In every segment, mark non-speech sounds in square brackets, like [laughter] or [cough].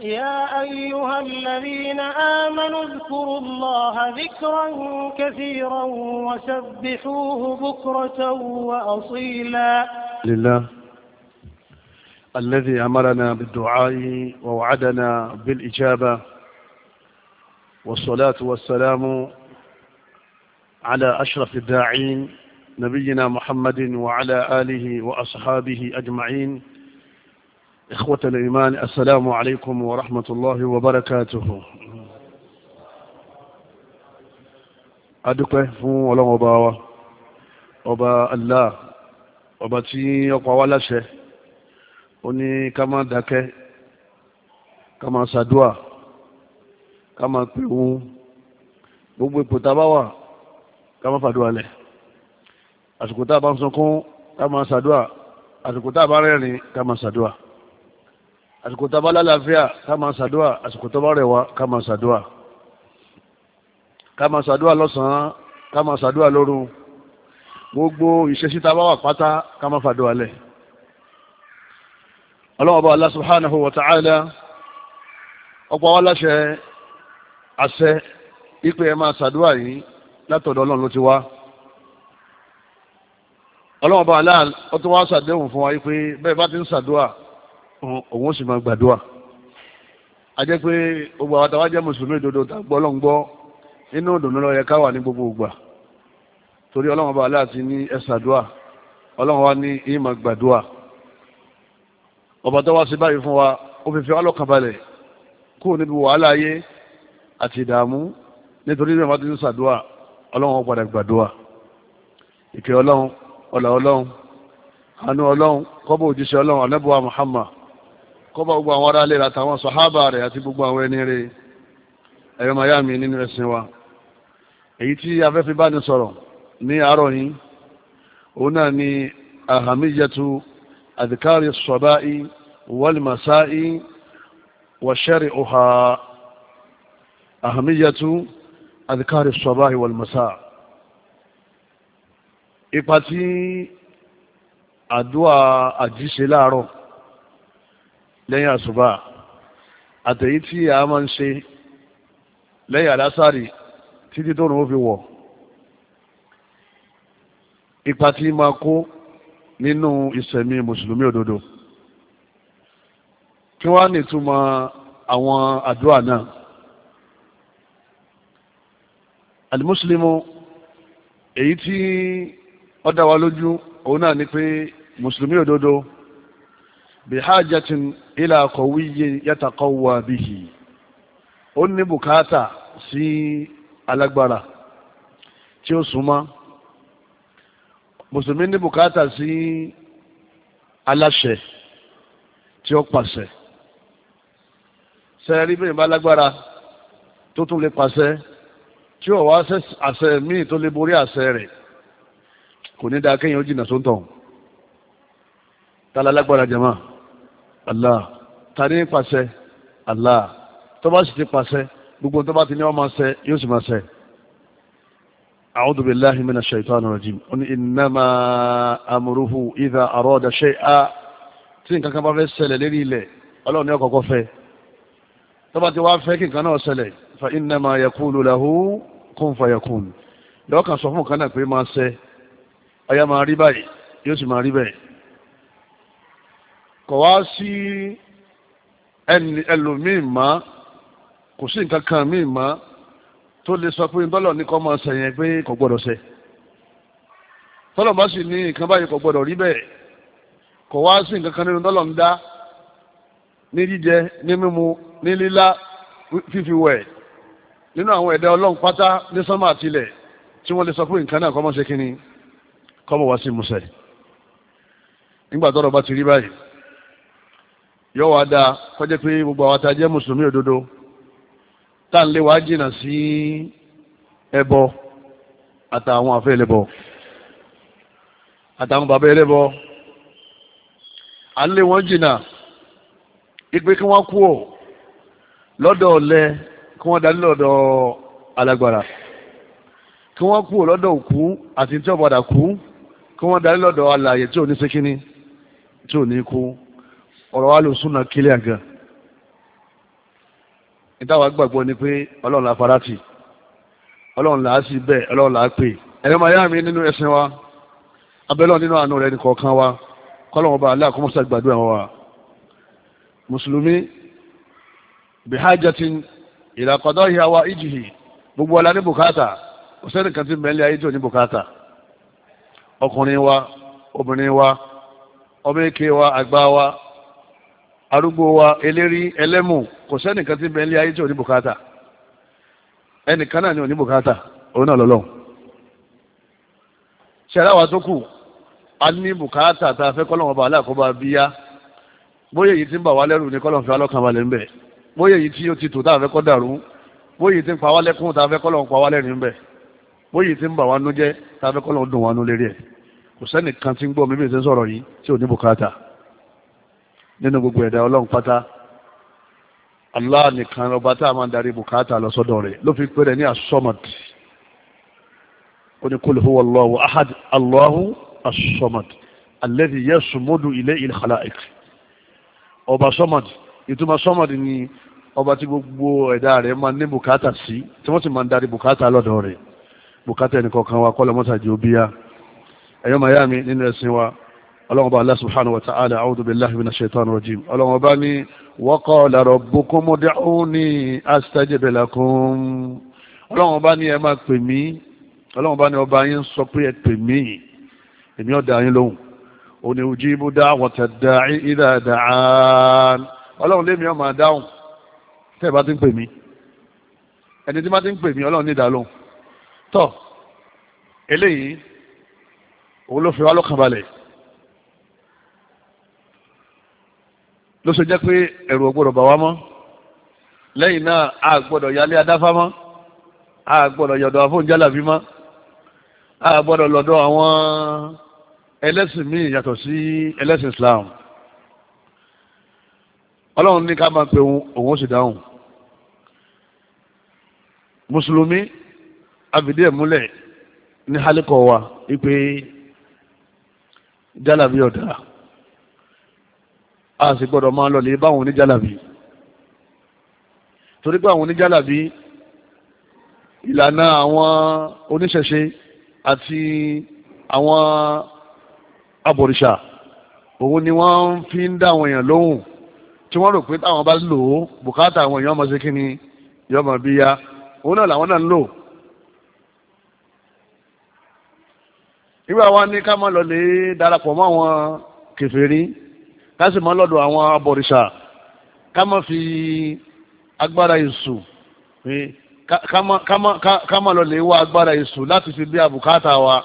يا أيها الذين آمنوا اذكروا الله ذكرا كثيرا وسبحوه بكرة وأصيلا لله الذي أمرنا بالدعاء ووعدنا بالإجابة والصلاة والسلام على أشرف الداعين نبينا محمد وعلى آله وأصحابه أجمعين إخوة الإيمان السلام عليكم ورحمة الله وبركاته adúpẹ́ fún ọlọ́run ọba wa ọba Allah ọba tí ó pa wá láṣẹ ó ní ká máa dákẹ́ ká máa ṣàdúà ká máa pè wọ́n gbogbo ipò tá a bá wà ká máa fàdúà lẹ̀ àsìkò tá a bá ń sọkún ká máa ṣàdúà àsìkò tá a bá rẹ́rìn ká máa ṣàdúà àsìkò tá a bá lálàáfíà ká máa ṣàdúà àsìkò tó bá rẹ̀ wá ká máa ṣàdúà ká máa ṣàdúà lọ́sàn-án ká máa ṣàdúà lóru gbogbo ìṣesí bá wà pátá ká máa fàdúà lẹ̀ ọlọ́wọ́ bá Allah subhanahu wa ta'ala ọ̀pọ̀ wa láṣẹ àṣẹ ipe ẹ máa ṣàdúà yìí látọ̀dọ̀ ọlọ́run ló ti wá ọlọ́wọ́ bá Allah ó tún ṣàdéhùn fún wa yìí pé bẹ́ẹ̀ bá ti ń ṣàdúà òun ó sì máa gbàdúrà a jẹ́ pé gbogbo àwọn tàwa jẹ́ mùsùlùmí ìdodo tá gbọ́ lọ́n gbọ́ inú ìdùnnú ló yẹ ká wà ní gbogbo ìgbà torí ọlọ́run ọba aláàtí ní ẹ̀sàdúà ọlọ́run wa ní ìmọ̀ gbàdúà ọba tó wá sí báyìí fún wa ó fi fi ọlọ́kan balẹ̀ kúrò níbi wàhálà ayé àti ìdààmú nítorí ìrìn àmọ́ tó ń sàdúà ọlọ́run ọpadà gbàdúà ìkẹ́ ọlọ́run ọlà ọlọ́run àánú ọlọ́run kọ́bọ̀ òjíṣẹ́ ọlọ́run anábùwà Muhammad kọ́bà gbogbo àwọn ará lè àtàwọn sọ̀hábà rẹ̀ àti gbogbo àwọn ẹni rẹ̀ ẹ̀yọ́ mayami nínú ẹ̀sìn wa èyí tí afẹ́fẹ́ bá ní sọ̀rọ̀ ní àárọ̀ yìí òun náà ni ahamiyatu adhikari sọ̀báì wàlmàsáì wàṣẹ́rì ọ̀hà ahamiyatu adhikari sọ̀báì wàlmàsáì ipa tí àdúrà àjíṣe láàárọ̀ lẹ́yìn àṣùbà àtẹ̀yí tí a máa ń ṣe lẹ́yìn àlásàrì títí tó rùn ó fi wọ̀ ipa tí máa kó nínú ìṣẹ̀mí mùsùlùmí òdodo kí wá nìtumọ̀ àwọn àdúrà náà alimuslimu èyí tí ó dá wa lójú òun náà ni pé mùsùlùmí òdodo bihajatin ilà kọ̀wé yàtàkọ̀wà bìhì ó ní bùkátà sí alágbára tí ó súnmọ́ mùsùlùmí ní bùkátà sí aláṣẹ tí ó pàṣẹ sẹ́ẹ̀rí bẹ́ẹ̀ bá lágbára tó tún lè pàṣẹ tí ó wá àṣẹ míì tó lè borí àṣẹ rẹ̀ kò ní dáa kéèyàn ó jìnnà sóńtọ̀ tálá lágbára jẹ̀máà. Allah ta ní pàṣẹ Allah tó bá sì ti pàṣẹ gbogbo tó bá ti ní ọmọ ṣe yóò sì máa ṣe. A'udhu billahi minash shaitanir rajim ó ní innama amruhu idha arada shay'an tí nǹkan kan bá fẹ́ ṣẹlẹ̀ lérí ilẹ̀ ọlọ́run ní ọkọ̀ọ̀kọ̀ fẹ́ tó bá ti wá fẹ́ kí nǹkan náà ṣẹlẹ̀ fa innama yaqulu lahu kun fayakun lọ́kàn sọ fún nǹkan náà pé máa ṣe ọyá máa rí báyìí yóò sì máa rí bẹ́ẹ̀ kò wá sí ẹni ẹlòmíì mọ́ kò sí nǹkan kan míì mọ́ tó lè sọ pé tọ́lọ̀ ní kọ́ máa sẹ̀yìn pé kò gbọ́dọ̀ ṣe tọ́lọ̀ bá sì ní nǹkan báyìí kò gbọ́dọ̀ rí bẹ́ẹ̀ kò wá sí nǹkan kan nínú tọ́lọ̀ ń dá ní jíjẹ ní mímu ní lílá fífi wẹ̀ nínú àwọn ẹ̀dá ọlọ́run pátá ní sánmà àtilẹ̀ tí wọ́n lè sọ pé nǹkan náà kọ́ mọ́ ṣe kínní kọ́ mọ́ wá sí musẹ̀ nígbà tọ́rọ̀ bá ti rí báyìí yọ wá dáa kọjá pé gbogbo àwọn tá a jẹ́ mùsùlùmí òdodo tá n lé wá jìnnà sí ẹbọ àtàwọn àfẹ́ ẹlẹ́bọ àtàwọn bàbá ẹlẹ́bọ à ń lé wọn jìnnà ipe kí wọ́n kú ò lọ́dọ̀ ọ̀lẹ kí wọ́n dání lọ́dọ̀ alágbára kí wọ́n kú ò lọ́dọ̀ òkú àti tí ọ̀padà kú kí wọ́n dání lọ́dọ̀ alààyè tí ò ní sékíní tí ò ní kú. ọ̀rọ̀ wa ló kílẹ̀ gan ìtawà gbàgbọ́ ni pé ọlọ́run la fara ọlọ́run là á sì bẹ́ẹ̀ ọlọ́run là á pè ẹ̀rọ màá yá mi nínú ẹ̀sìn wa abẹ́lọ́ nínú àánú rẹ̀ nìkan wa kọ́lọ́wọ́n bá aláà kọ́mọ́sá gbàdúrà wa mùsùlùmí bihajatin ìyàwó ìjìhì gbogbo ọ̀la ní arúgbó wa eléri ẹlẹ́mù kò sẹ́nìkan tí bẹ́ẹ̀ lé ayé tí ò ní bùkátà ẹnìkan náà ni ò ní bùkátà òun náà lọ́lọ́ wa tó kù a ní bùkátà tá a fẹ́ kọ́lọ́mù ọba aláàkóbá bíyá bóyá èyí tí ń bà wá lẹ́rù kọ́lọ́mù fi wá lọ́kàn ti tò tá a fẹ́ kọ́ dàrú bóyá èyí ń pa wá lẹ́kún tá a fẹ́ kọ́lọ́mù pa wá lẹ́rù bóyá èyí ń bà wá nínú gbogbo ẹ̀dá ọlọ́run pátá Allah nìkan ọba tá a máa ń darí bùkátà lọ sọ́dọ̀ rẹ̀ ló fi pé rẹ̀ ní asọ́mọ̀d ó ní kul huwa Allahu ahad Allahu asọ́mọ̀d alladhi yasmudu ilayhi al-khalaiq ọba sọ́mọ̀d ìtumọ̀ sọ́mọ̀d ni ọba tí gbogbo ẹ̀dá rẹ̀ máa ní bùkátà sí tí wọ́n sì máa darí bùkátà lọ́dọ̀ rẹ̀ bùkátà ẹnìkọ̀ọ̀kan wa kọ́lọ́mọ́sàdì òbíyá ẹ̀yọ́ màyá nínú ẹ̀sìn wa ọlọ́run bá Allah subhanahu wa ta'ala a'udhu billahi minash shaitani rajim ọlọ́run bá ní wa qala rabbukum ud'uni astajib lakum ọlọ́run bá ní ẹ máa pè mí ọlọ́run bá ní ọba yín sọ pé ẹ pè mí èmi ó dá yín lóhùn òní ujibu da'wata da'i idha da'an ọlọ́run lémi ó máa tẹ́ ẹ bá ti ń pè mí ẹni tí bá ti ń pè mí ọlọ́run ní ìdálóhùn tọ́ eléyìí ló ṣe jẹ́ pé ẹ̀rù ògbọ́dọ̀ bà wá mọ́ lẹ́yìn náà a gbọ́dọ̀ yálé adáfá mọ́ a gbọ́dọ̀ yọ̀dọ̀ afọ́njálàbí mọ́ a gbọ́dọ̀ lọ́dọ̀ àwọn ẹlẹ́sìn míì yàtọ̀ sí ẹlẹ́sìn Islam ọlọ́run ní ká máa pe òun ó sì dáhùn mùsùlùmí àfìdí ẹ̀ ní hálíkọ̀ wa wípé jálàbí ọ̀dà a sì gbọ́dọ̀ máa lọ lè báwọn oníjàlàbí torí pé àwọn oníjàlàbí ìlànà àwọn oníṣẹ̀ṣe àti àwọn abọ̀rìṣà òun ni wọ́n fi ń dá àwọn èèyàn lóhùn tí wọ́n rò pé táwọn bá lò ó bùkátà àwọn èèyàn ọmọ kí ni yọmọ bí ya òun náà làwọn náà ń lò ìwé àwa ní ká máa lọ lè darapọ̀ mọ́ àwọn kèfèrí ká sì máa lọ́dọ̀ àwọn abọ̀rìṣà ká má fi agbára èṣù ká má lọ lè wá agbára èṣù láti fi bí àbùkátà wa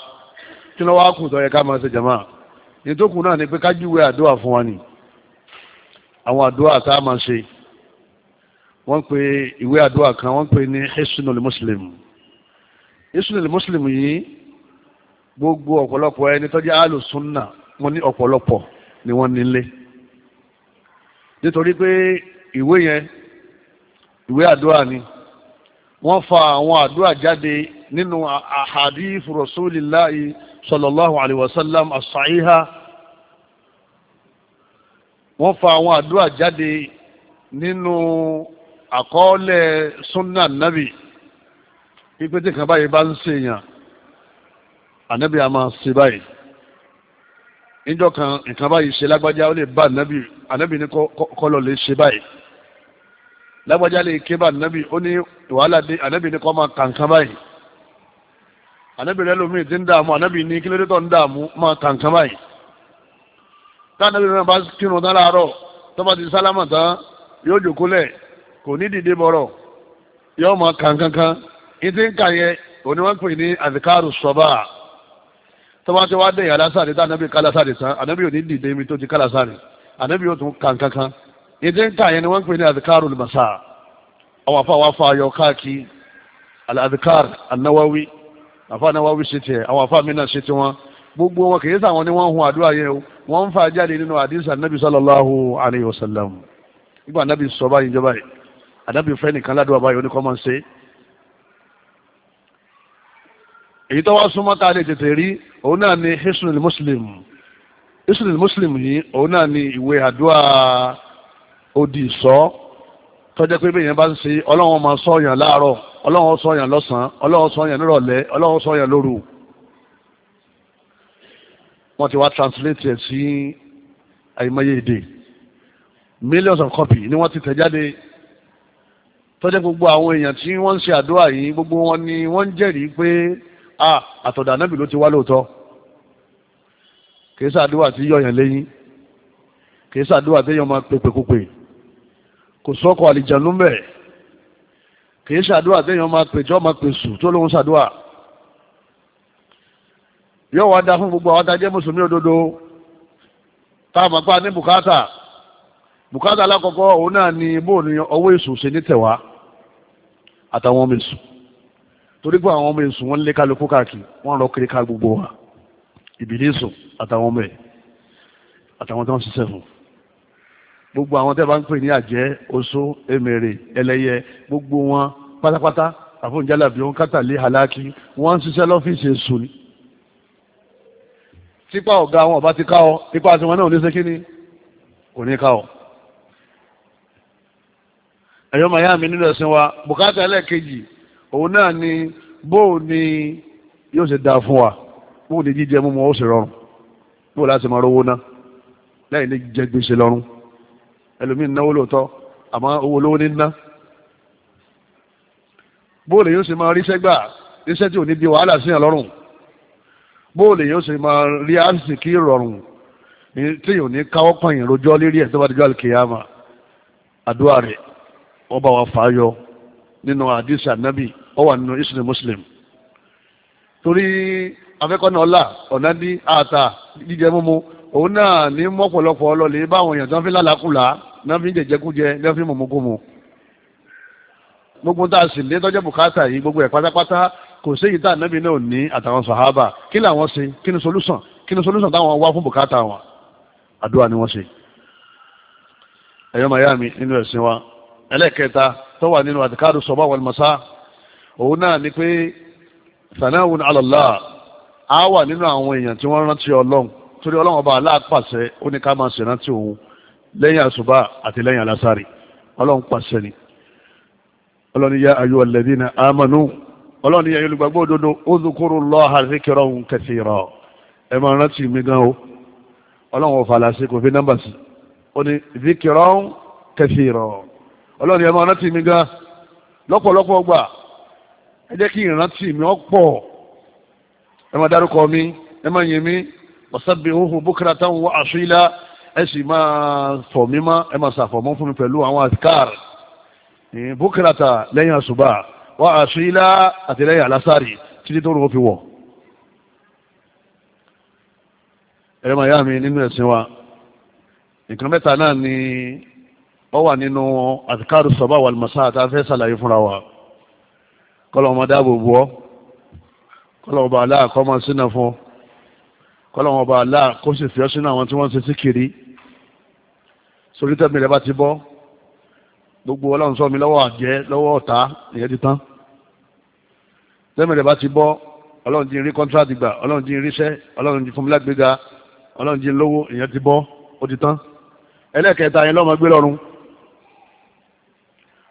kí ló wá kù tó yẹ ká máa ṣe jàmá ìtòkù náà ni pé ká júwe àdúrà fún wa ni àwọn àdúrà tá a máa ṣe wọ́n pe ìwé àdúrà kan wọ́n pe ní hisunul muslim hisunul muslim yìí gbogbo ọ̀pọ̀lọpọ̀ ẹni tó jẹ́ alùsùnà wọ́n ní ọ̀pọ̀lọpọ̀ ni wọ́n nílé nítorí pé ìwé yẹn ìwé àdúrà ni wọ́n fa àwọn àdúrà jáde nínú ahadith rasulillahi sallallahu alayhi wa sallam as-sahiha wọ́n fa àwọn àdúrà jáde nínú àkọọ́lẹ̀ sunna nabi pípé kan báyìí bá ń ṣèyàn ànábì a máa ṣe báyìí níjọ́ kan nǹkan báyìí ṣe lágbájá ó lè bá ànábì ànábì ní kọ́lọ̀ lè ṣe báyìí lágbájá lè ké bá ànábì ó ní wàhálà dé ànábì ní kọ́ máa kà nǹkan báyìí ànábì rẹ lómi ti ń dààmú ànábì ní kí lóde tó ń dààmú máa kà nǹkan báyìí tá ànábì rẹ bá kírun tán láàárọ̀ tó bá ti sálámà tán yóò jòkó lẹ̀ kò ní dìde bọ̀rọ̀ yóò máa kà nǹkan kan ìdí ń kà òní wọ́n pè ní àdìkárù sọ́bà tó wa ti wá dẹ̀yìn alásàdé tá ànábì kálásàdé tán ànábì ò ní dìde ibi tó ti kálásàdé ànábì ò tún kàn kankan èdè ń kà yẹn ni wọ́n ń pè ní azikar olùmọ̀sá àwọn afa wàá fa ayọ̀ káàkiri alazikar anáwáwí afa anáwáwí ṣe tiẹ̀ àwọn afa mi náà ṣe tiwọn gbogbo wọn kìí sáwọn ni wọ́n hun àdúrà yẹn o wọ́n ń fa jáde nínú àdìsá nàbì sallallahu alayhi wa nígbà nàbì sọ báyìí jọba yìí àdàbì fẹ́ nìkan ládùúgbò báyìí oníkọ́ máa ń ṣe é èyí tó wá súnmọ́ tá a lè tètè rí òun náà ni hisnul muslim hisnul muslim yìí òun náà ni ìwé àdúrà odi ìsọ́ tọ́jẹ́ pé bẹ́ẹ̀ yẹn bá ń ṣe ọlọ́run máa sọ yàn láàárọ̀ ọlọ́run sọ yàn lọ́sàn-án ọlọ́run sọ yàn nírọ̀lẹ́ ọlọ́run sọ lóru wọ́n ti wá translate ẹ̀ sí àìmọye èdè millions of copies. ni wọ́n ti tẹ̀ jáde tọ́jẹ́ gbogbo àwọn èèyàn tí wọ́n ń ṣe àdúrà yìí gbogbo wọn ni wọ́n ń jẹ́rìí pé Ah àtọ̀dà anábì ló ti wá lóòótọ́ kìí sàdúrà tí yọ̀yàn lẹ́yìn kìí sàdúrà tí yọ̀ máa pèpèkúpè kò sọ́kọ̀ àlìjànú mẹ́ kìí sàdúrà tí yọ̀ máa pèjọ́ máa pèsù tó lóhun sàdúrà yóò wá dá fún gbogbo àwọn tá mùsùlùmí òdodo tá a mọ̀ pa ní bùkátà bùkátà alákọ̀ọ́kọ́ òun náà ni bóòlù ọwọ́ èṣù ṣe ní tẹ̀wá àtàwọn ọmọ èṣù torí pé àwọn ọmọ èsùn wọn lé kálukú káàkiri wọn rọ kiri ká gbogbo wa ìbílísù àtàwọn ọmọ ẹ̀ àtàwọn tó ń ṣiṣẹ́ fún gbogbo àwọn tẹ́ bá ń pè ní àjẹ́ oṣó emèrè ẹlẹ́yẹ gbogbo wọn pátápátá àfọ̀njálàbí wọn kátàlí aláàkí wọn ń ṣiṣẹ́ lọ́fíìsì èṣù ni típa ọ̀gá àwọn ọba ti ká ọ ipa àti wọn náà ní sékíní kò ní ká ọ ẹ̀yọ́ màyá mi nílò ẹ̀sìn wa bùkátà ẹlẹ́ẹ̀kejì òun náà ni bóò ni yóò ṣe dáa fún wa bóò ni jíjẹ mímu ó sì rọrùn bóò láti máa rówó ná lẹ́yìn ní jẹ gbèsè lọ́rùn ẹlòmíì náwó lóòótọ́ àmọ́ owó lówó ní ná bóò lè yóò ṣe máa ríṣẹ́ gbà ríṣẹ́ tí ò ní di wàhálà síyàn lọ́rùn bóò lè yóò ṣe máa rí àsìkí rọrùn tí ò ní káwọ́ pọ̀yìn rojọ́ lérí ẹ̀ tó bá dijọ́ àlùkìyàmà àdúrà rẹ̀ wọ́n bá wa fà á yọ nínú àdìsí ọ wà nínú islam muslim torí afẹ́kọ́nà ọ̀la ọ̀nà ní ata jíjẹ mímu òun náà ní mọ́pọ̀lọpọ̀ ọlọ́lẹ̀ báwọn èèyàn tó ń fi lálàkùlà náà fi ń jẹjẹkújẹ náà fi mọ̀mọ́kùmù gbogbo tá a sì lé tọ́jọ́ bùkátà yìí gbogbo ẹ̀ pátápátá kò sí èyí tá ànábì náà ní àtàwọn sàhábà kí làwọn ṣe kí ni solúsàn kí ni solúsàn táwọn wá fún bùkátà wọn àdúrà ni wọ́n ṣe ẹ̀yọ́ màyá mi nínú ẹ̀sìn wa ẹlẹ́ẹ̀kẹta tó wà nínú àdìkárù sọ̀bá wal masá òun náà ni pé sanahun alọ́lá á wà nínú àwọn èèyàn tí wọ́n rántí ọlọ́run torí ọlọ́run ọba aláàpàṣẹ ó ní ká máa ṣèrántí òun lẹ́yìn àṣùbà àti lẹ́yìn alásàrì ọlọ́run pàṣẹ ni ọlọ́run ya ayú ọ̀lẹ́dí na amánú ọlọ́run yá olùgbàgbọ́ òdodo ó dúkúrú lọ́ha síkírọ̀ òun kẹsì rọ̀ ẹ máa rántí mi gan o ọlọ́run ọ̀fà làṣẹ kò fi nọ́mbà sí ó ní síkírọ̀ kẹsì rọ̀ ọlọ́run yá máa rántí mi gan lọ́pọ̀lọpọ̀ gbà ẹ jẹ́ kí ìrántí mi ọ pọ̀ ẹ máa dárúkọ mi ẹ máa yìn mí wasabbihuhu bukratan wa asila ẹ sì máa fọ̀ mí mọ́ ẹ máa ṣàfọ̀mọ́ fún mi pẹ̀lú àwọn azkar bukrata lẹ́yìn àṣùbà wa asila àti lẹ́yìn alásàrì títí tó rò fi wọ̀. ẹ̀rẹ́ màá yá mi nínú ẹ̀sìn wa nǹkan mẹ́ta náà ni ó wà nínú azkar sọ́bà wal àti afẹ́ fúnra wa kọ́lọ̀ ọmọ dáàbò bò ọ́ kọ́lọ̀ ọba aláà kọ́ máa sínà fún ọ kọ́lọ̀ ọba aláà kó sì fi ọ́ sínú àwọn tí wọ́n ń ṣe sí kiri sórí tẹ́mi rẹ̀ bá ti bọ́ gbogbo ọlọ́run sọ mi lọ́wọ́ àjẹ́ lọ́wọ́ ọ̀tá ìyẹn ti tán tẹ́mi rẹ̀ bá ti bọ́ ọlọ́run ti rí kọ́ńtíráàtì gbà ọlọ́run ti ríṣẹ́ ọlọ́run ti fún mi lágbèéga ọlọ́run ti lówó ìyẹn ti bọ́ ó ti tán ẹlẹ́kẹ̀ẹ́ta yẹn lọ́mọ gbé lọ́rùn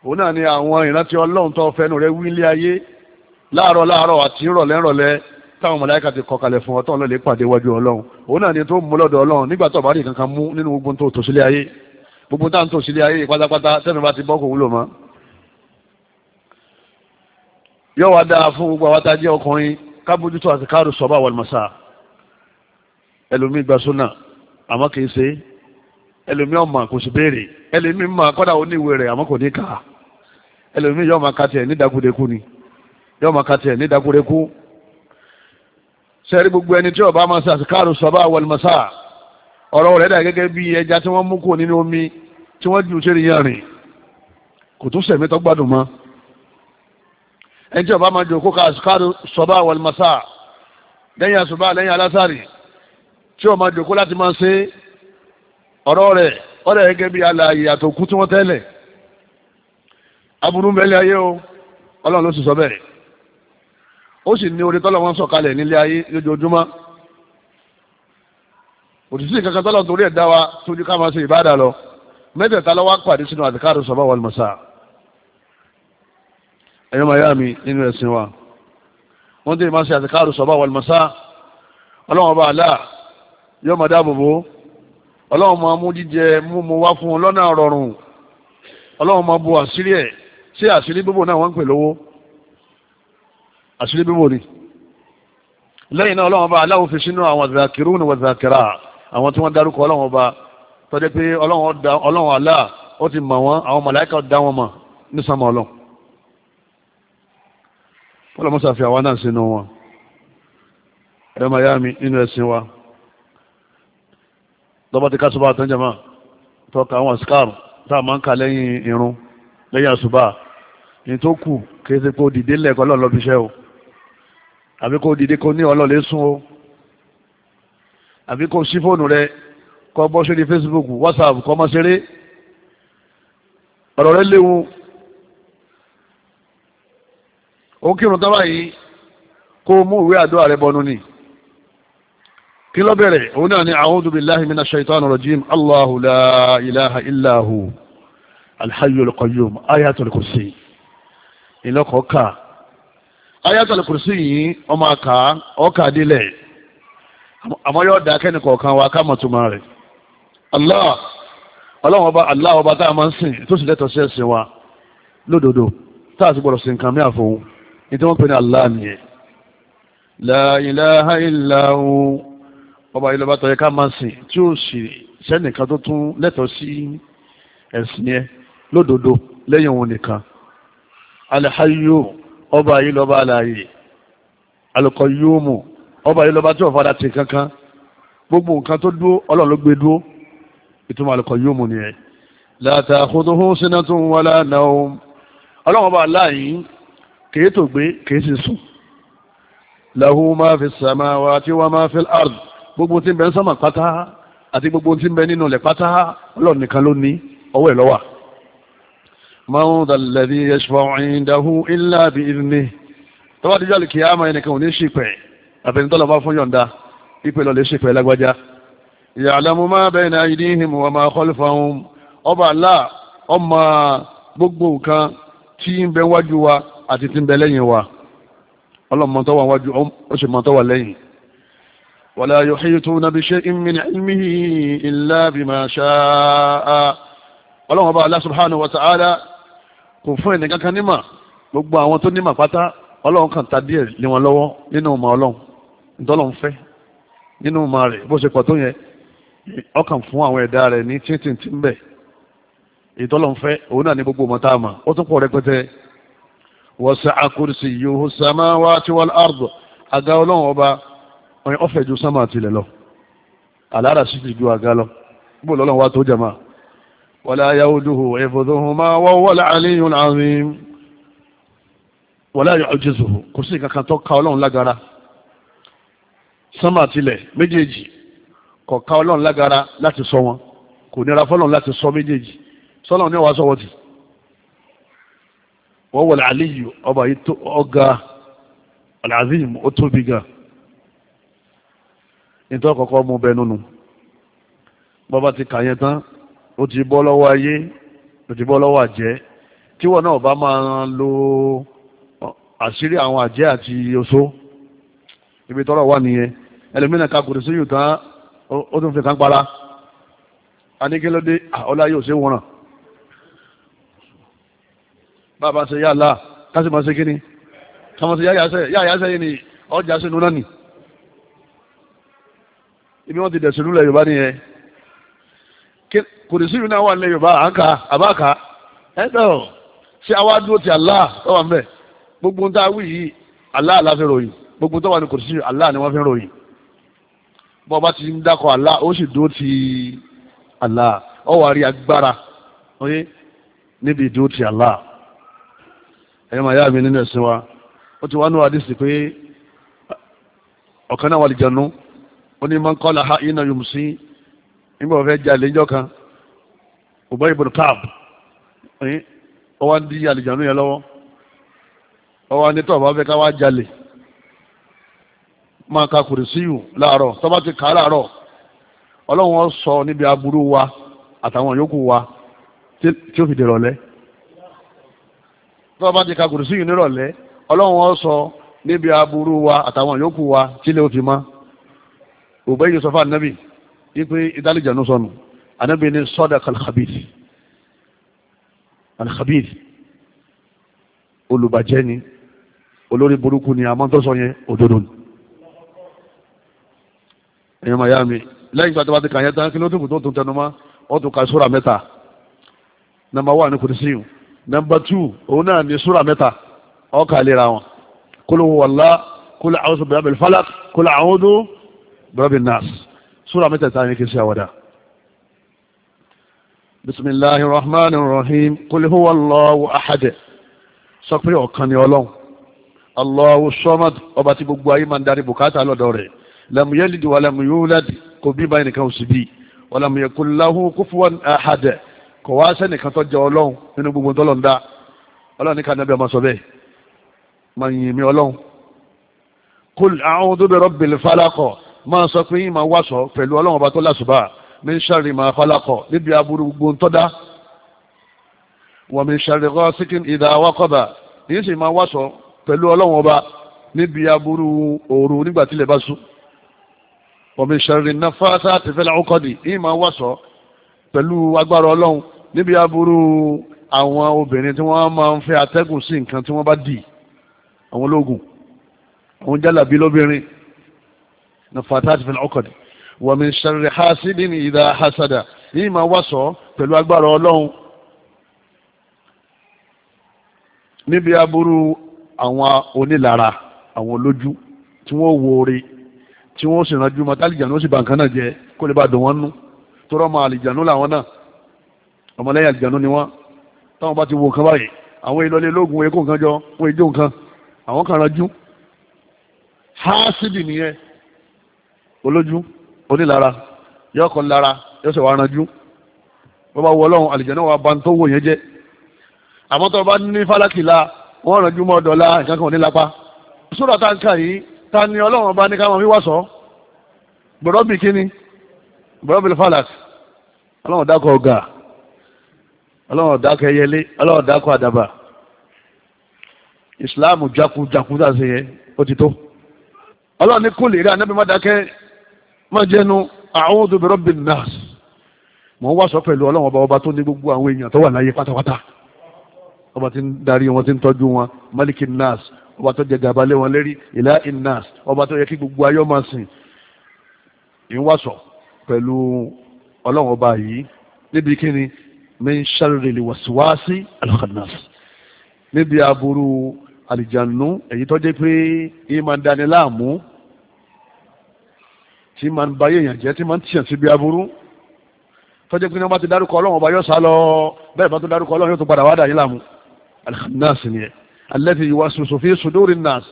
òun náà ni àwọn ìrántí ọlọ́run tó fẹ́nu rẹ wílé ayé láàárọ̀ láàárọ̀ àti rọ̀lẹ́ rọ̀lẹ́ táwọn mọ̀láyíká ti kọkalẹ̀ fún ọtọ́ lọ́lẹ̀ pàdé wájú ọlọ́run òun náà ni tó mú lọ́dọ̀ ọlọ́run nígbà tó bá rí kankan mú nínú gbogbo tó tó sílé ayé gbogbo tá à ń tó sílé ayé pátápátá tẹ́nu bá ti bọ́ kò wúlò mọ́. yóò wá dáa fún gbogbo àwọn tá ọkùnrin kábójútó àti káàrò sọ́bà wàlùmọ́sà ẹlòmíì gba súnà àmọ́ kì í ṣe ẹlòmíì ọ̀mà kò sì béèrè ẹlòmíì mà kọ́dà oníwèrè àmọ́ kò ní kàá ẹlòmíì yóò máa ka tiẹ̀ nídàkúrekú ni yóò máa ka tiẹ̀ nídàkúrekú sẹ́rí gbogbo ẹni tí ọba máa ṣàṣìkáàrù sọ́bà wọlmọ́sá ọ̀rọ̀ rẹ̀ dà gẹ́gẹ́ bí ẹja tí wọ́n mú kó nínú omi tí wọ́n ju ṣe nìyẹn rìn kò tún sẹ̀mí tó gbádùn mọ́ ẹni tí ọba máa jò kó ṣàṣìkáàrù sọ́bà wọlmọ́sá lẹ́yìn àṣùbà lẹ́yìn alásàrì tí ọba máa jò kó láti máa ṣe ọ̀rọ̀ rẹ̀ ọ̀rẹ́ gẹ́gẹ́ bí alààyè àtòkú tí wọ́n tẹ́lẹ̀ aburú bẹ́lẹ̀ ayé o ọlọ́run ló sì sọ bẹ́ẹ̀ ó sì ní orí tọ́lọ̀ wọn sọ̀kalẹ̀ nílé ayé lójoojúmọ́ òtítí kankan tọ́lọ̀ torí ẹ̀ dá wa tójú ká máa ṣe ìbáàdà lọ mẹ́tẹ̀ẹ̀ta lọ́wọ́ pàdé sínú àtikáàrọ̀ sọ̀bá wal masa ẹ̀yọ́ máa yá mi nínú ẹ̀sìn wa wọ́n tẹ̀lé máa ṣe àtikáàrọ̀ sọ̀bá wal masa ọlọ́run ọba àlá yóò máa dáàbò bò ọlọ́run máa mú jíjẹ mú mu wá fún un rọrùn ọlọ́run máa bu àṣírí ẹ̀ ṣé àṣírí bíbò náà wọ́n ń pè lówó àṣírí bíbò ni lẹ́yìn náà ọlọ́run ọba aláwọ̀ fi sínú àwọn zakirun wa zakira àwọn tí wọ́n dárúkọ ọlọ́run ọba tọ́jú pé ọlọ́run alá ó ti mọ̀ wọ́n àwọn màláíkà dá wọn mọ̀ ní sọmọ ọlọ́run wọ́n mọ́sá fi tọ́ka àwọn àsìkáàrùn tá a máa ń kà lẹ́yìn irun lẹ́yìn àṣùbà ní tó kù kì í ṣe pé ó dìde lẹ́ẹ̀kọ́ lọ́lọ́bíṣẹ́ o àbí kó dìde kó ní ọlọ́lẹ̀ sùn o àbí kó sí fóònù rẹ kó bọ́ sórí Facebook WhatsApp kó máa ṣeré ọ̀rọ̀ rẹ léwu ó kírun tábà yìí kó mú ìwé àdúrà rẹ bọnu ni kí ló òun náà ni a'udhu billahi minash shaitanir rajim Allahu la ilaha illa alhayyul qayyum ayatul kursi ìlọ́kọ̀ ká ayatul kursi yìí ọmọ àká ọkà délẹ̀ àmọ́ yóò dá kẹ́ni kọ̀ọ̀kan wa ká mọ̀túnmá rẹ̀ allah ọlọ́run ọba allah ọba tá a máa ń sìn tó sì lẹ́tọ̀ọ́ sí ẹ̀sìn wa lódodo tá a sì gbọ́dọ̀ sí nǹkan mí àfọwọ́ ní tí wọ́n pè ní allah nìyẹn la ilaha ọba ilẹ̀ bá yẹ ká máa sìn tí ó sì sẹ́nìkan tó tún lẹ́tọ̀ọ́ sí ẹ̀sìn yẹn lódodo lẹ́yìn òun nìkan alihayyo ọba yìí lọ́ba àlàyé alukọyóòmù ọba yìí lọ́ba tí ò fara ti kankan gbogbo nǹkan tó dúró ọlọ́run ló gbé dúró ìtumọ̀ alukọyóòmù nìyẹn láta àkótóhó sinatun wàlá náà ọlọ́run ọba aláyín kèé tó gbé kèé sì sùn lahu máa fi sàmà wa tí wọ́n máa fi ard gbogbo tí ń bẹ ń sàmà pátá àti gbogbo tí ń bẹ nínú ilẹ̀ pátá ọlọ́run nìkan ló ní ọwọ́ ẹ̀ ló wà man dha alladhi yashfa'u indahu illa bi idhnih tó bá dijọ́ kìyàmà ẹnìkan ò ní ṣìpẹ̀ àbẹ̀nitọ́lọ̀ bá fún yọ̀ǹda ìpè lọ lè ṣìpẹ̀ lágbájá ya'lamu ma bayna aydihim wa ma khalfahum ọba àlá ọmọ gbogbo nǹkan tí ń bẹ wájú wa àti tí ń bẹ lẹ́yìn wa ọlọ́mọtọ́ wà wájú ó sì mọ́tọ́ wà lẹ́yìn wala yuhituna bi shay'in min ilmihi illa bima sha'a ọlọ́mọba Allah subhanahu wa ta'ala kò fún ẹnìkan kan nímà gbogbo àwọn tó nímà pátá ọlọ́run kan ta díẹ̀ lé wọn lọ́wọ́ nínú ọmọ ọlọ́run ntọ́lọ́run fẹ́ nínú ọmọ rẹ̀ bó ṣe pọ̀ tó yẹn ọkàn fún àwọn ẹ̀dá rẹ̀ ní títí ń bẹ̀ ìtọ́lọ́run fẹ́ gbogbo ọmọ tá a mà ó tún pọ̀ rẹpẹtẹ wasa'a ti ju ولا يوده حفظهما وهو العلي العظيم ولا يعجزه kò sí kankan tó ká Ọlọ́run lágara sánmà tilẹ̀ méjèèjì kò ká Ọlọ́run sọ wọn kò nira fọ́lọ́run láti sọ méjèèjì sọ wọ́n ti wọ́n ọba ó ti bọ́ lọ́wọ́ ayé ó ti bọ́ lọ́wọ́ àjẹ́ tí wọn náà bá máa lo àṣírí àwọn àjẹ́ àti oṣó ibi tọ́rọ̀ wà nìyẹn ẹlòmínà ká kò sí yìí tán ó tún fi kan para aníkélódé ọlá yóò ṣe wọ̀nà bàbá ṣe yàlá kásì máa ṣe kíni kàmá ṣe yáyàṣẹ yìí ni ọjà sínú náà nì ibi wọn ti dẹ̀ sílùú lẹ̀ Yorùbá nìyẹn. kò sí ìrìnà wà nílẹ̀ yorùbá àǹkà àbáàkà ẹ̀dọ̀ ṣé àwa dúró ti Allah tó wà gbogbo ń tá a wí yìí ròyìn gbogbo tó wà ní kò sí ni wọ́n fi ròyìn bọ́ ọba ti ń dákọ̀ ó ọ wà rí agbára níbi ìdúró ti Allah ẹ̀yọ́ màá yá mi nínú ẹ̀sìn wa ó ti wá kan Ubay ibn Ka'b ọ wá ń di àlìjànú yẹn lọ́wọ́ ọ wá ní tọ́ọ̀bù afẹ́ ká wá jalè máa ka kùrìsíyù láàárọ̀ tọ́ba ti kà á láàárọ̀ ọlọ́run ọ sọ níbi aburú wa àtàwọn yòókù wa tí ó fi dèrọ̀lẹ́ tọ́ba ti ka kùrìsíyù nírọ̀lẹ́ ọlọ́run ọ sọ níbi aburú wa àtàwọn yòókù wa tí ilé ó fi mọ́ Ubay sọ fún ànábì yí pé ìdálìjànú sọnù anábì ní sọ́dà kalkhabir alkhabir olùbàjẹ́ ni olórí burúkú ni àmọ́ tọ́sọ yẹn òdodo ni ẹ̀yìn miami lẹ́yìn ìgbà tó bá ti kàn yẹn tán kí ló dùn tó tún tẹnu mọ́ wọ́n tún ka sóra mẹ́ta nọmba wà ní kùdìsíyù nọmba tù òun náà ní sóra mẹ́ta ọkà lera wọn kúlù wàllá kúlù àwọn sọ bẹ̀rẹ̀ bẹ̀rẹ̀ falak kúlù àwọn ọdún bẹ̀rẹ̀ bẹ̀rẹ̀ nas sóra mẹ́ta ta ni kì í ṣe بسم الله الرحمن الرحيم قل هو الله أحد سقفي أكاني أولون الله الصمد أباتي بقوائي من داري بكاتا دوري لم يلد ولم يولد كبي بين كوسبي ولم يكن له كفوا أحد كواسن كتوجه أولون من بقوائي دولون دا أولون كان نبي مصبي من يمي أولون قل أعوذ برب الفلق ما سقفي ما واسو فلو أولون أباتو لا سباه min sharri ma khalaqa níbi aburú gbogbo ń tọ́dá wa min sharri ghasiqin idha waqaba yìí sì máa wàṣọ pẹ̀lú ọlọ́run ọba níbi aburú òru nígbà tílẹ̀ bá sùn wa min sharri naffathati fil uqadi yìí máa wàṣọ pẹ̀lú agbára ọlọ́run níbi aburú àwọn obìnrin tí wọ́n máa ń fẹ́ atẹ́gùn sí nǹkan tí wọ́n bá dì àwọn ológun àwọn jálàbí lóbìnrin naffathati fil uqadi wa min sharri hasidin idha hasada yìí máa wá sọ pẹ̀lú agbára ọlọ́run níbi aburú àwọn onílara àwọn olójú tí wọ́n wo orí tí wọ́n sì ránjú mọ́ tálíjànú sì bàǹkan náà jẹ kó lè bá dùn wọ́n nú tọ́rọ ọmọ àlìjànú làwọn náà ọmọlẹ́yìn àlìjànú ni wọ́n táwọn bá ti wo nǹkan báyìí àwọn ìlọlé lóògùn èkó nǹkan jọ wọ́n èjó nǹkan àwọn kan ránjú háásìdì nìyẹn olójú onílara yóò kọ́ lára yóò ṣe wà ránjú bó bá wọ ọlọ́run àlìjẹ́nà wà bá ń tó wò yẹn jẹ́ àmọ́ tó bá ní fálákì la wọ́n ránjú mọ́ ọ̀dọ̀ la nǹkan kan ò ní lapa sódà tá n kà yìí ta ni ọlọ́run bá ní ká wọn wíwá sọ gbọ́dọ̀ bì kíni gbọ́dọ̀ bì fálákì ọlọ́run dákọ̀ ọ̀gà ọlọ́run dákọ̀ ẹyẹlé ọlọ́run dákọ̀ àdàbà ìsìláàmù jákujákujá sí yẹn ó ti tó ọlọ́run ní kúlè rí anábì má dákẹ́ má jẹnu a'udhu bi rabbin nas mọ̀ ń wá sọ pẹ̀lú ọlọ́run ọba ọba tó ní gbogbo àwọn èèyàn tó wà láyé pátápátá ọba tí ń darí wọn tí ń tọ́jú wọn maliki nas ọba tó jẹ gàba lé wọn lérí ilahi nas ọba tó yẹ kí gbogbo ayọ́ máa sìn ń wá sọ pẹ̀lú ọlọ́run ọba yìí níbi kíni min sharri li waswasi al-khannas níbi aburú àlìjànú èyí tó jẹ́ pé ìmọ̀ dání láàmú tí ma ń bayé èèyàn jẹ́ tí ma ń tìyàn síbi aburú tọ́jú pé ní wọ́n bá ti dárúkọ ọlọ́run ọba yóò sá lọ bẹ́ẹ̀ bá tó dárúkọ ọlọ́run yóò tó padà wá dà yín láàmú alhannas ni ẹ alẹ́tì ìwà sòsòfin sòdórí nas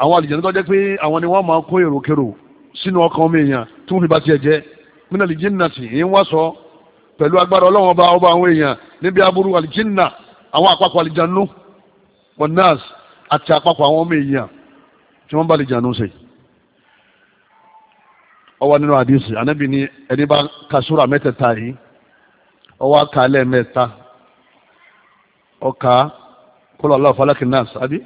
àwọn àlìjẹ̀ni tọ́jú pé àwọn ni wọ́n máa kó èròkèrò sínú ọkàn omi èèyàn tí wọ́n fi bá tiẹ̀ jẹ́ nínú àlìjẹ́nàtì ìyẹn wá sọ pẹ̀lú agbára ọlọ́run ọba ọba àwọn èèyàn níbi aburú àlìjẹ́nà àwọn àpapọ̀ àlìjẹ̀nu ọwọ́ nínú àdìsí anábì ní ẹni bá ka mẹ́tẹ̀ẹ̀ta yìí ọwọ́ aka ọka kólọ Allahu falaki àbí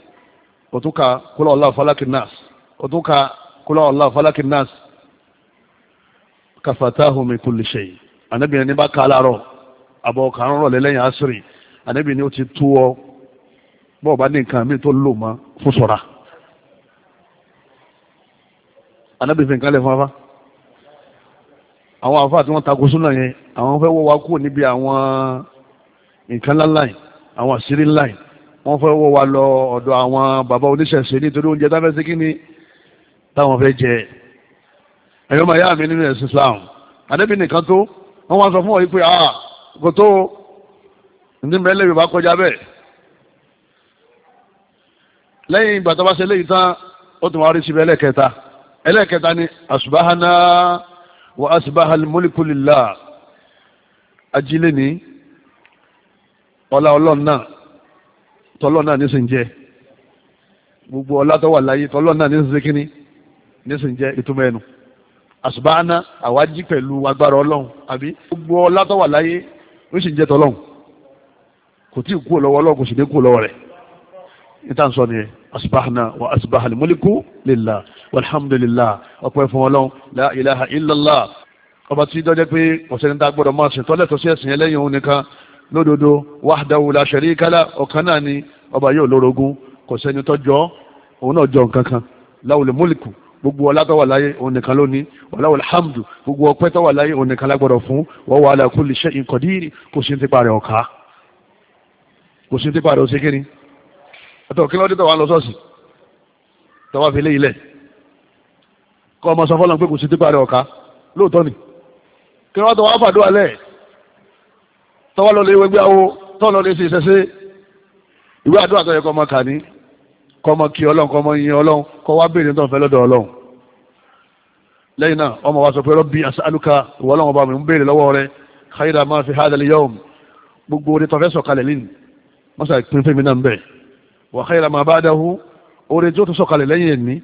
anábì ní bá ka aláàárọ̀ àbọ̀ ọ̀kà ń rọ̀lẹ́ lẹ́yìn asiri anábì ní ó ti tú ọ bọ́ọ̀ bá ní nǹkan mi tó lò mọ́ fún anábì fi nǹkan fún wa àwọn àfáà tí wọ́n tako súnà yẹn àwọn fẹ́ wọ́ wa kúrò níbi àwọn nǹkan ńláńlá yìí àwọn àṣírí ńlá yìí wọ́n fẹ́ wọ́ wa lọ ọ̀dọ̀ àwọn bàbá oníṣẹ̀ṣe nítorí oúnjẹ táfẹ́ sí kíni táwọn fẹ́ jẹ ẹ̀yọ́ máa yá mi nínú ẹ̀sìn Islam àdébí nìkan tó wọ́n wá sọ fún ọ yìí pé ah kò tó ní mẹ́lẹ́ yorùbá kọjá bẹ́ẹ̀ lẹ́yìn ìgbà tó bá ṣe léyìí tán ó tún wá rí síbi ẹlẹ́kẹta ẹlẹ́kẹta ni àṣùbáhánáà wa asibaha almuliku lillah ajílẹ̀ ní ọlá ọlọ́run náà tọ́lọ́ náà nísìn jẹ́ gbogbo ọlá tó wà láyé tọ́lọ́ náà nísìn jẹ́ nísìn jẹ́ ìtumọ̀ ẹnu agbara àwájí pẹ̀lú agbára ọlọ́run àbí gbogbo ọlá tó wà láyé ó jẹ́ kò tí ì kú lọ́wọ́ ọlọ́run asibahana wa asibahali لله والحمد لله أقول fún لا إله إلا الله ọba tí dọjẹ pé ọsẹni tá a gbọ́dọ̀ máa sìn tọlẹ tọsí ẹsìn ẹlẹyìn òun nìkan lódodo wahdahu la sharika la ọ̀kan náà ni ọba yóò lórogún kò sẹ́ni tọjọ òun náà jọ nǹkan kan láwùlẹ muliku gbogbo ọlá tó wà láyé òun nìkan lónìí wàlá alhamdu gbogbo ọpẹ́ tó wà láyé òun nìkan lágbọ́dọ̀ fún wa huwa ala ẹ̀tọ́ kí lọ́dún tó wà lọ sọ́ọ̀sì tó wà fi lé ilẹ̀ kọ́ ọmọ sọ fọ́lọ́n pé kò sí tipa rẹ̀ ọ̀ka lóòótọ́ ni kí wọ́n tó wà fàdó alẹ́ tọ́wọ́ lọ lé ìwé gbéyàwó tọ́wọ́ lọ lé ṣe ìṣẹ́ṣe ìwé àdúrà tó yẹ kọ́ ọmọ kà ní ọmọ kí ọlọ́run kọ́ ọmọ yin ọlọ́run kọ́ wá béèrè tó ń fẹ́ lọ́dọ̀ ọlọ́run náà ọmọ wa sọ pé rọ́bì as'aluka ìwọ ọlọ́run ọba mi ń béèrè lọ́wọ́ rẹ khayra ma fi hadha al-yawm gbogbo orí tó fẹ́ sọ̀kalẹ̀ lẹ́nu wọ́n sà mi náà ń bẹ́ẹ̀ wa khayra ma ba'dahu oore tí ó tún sọ̀kalẹ̀ lẹ́yìn ẹ̀ní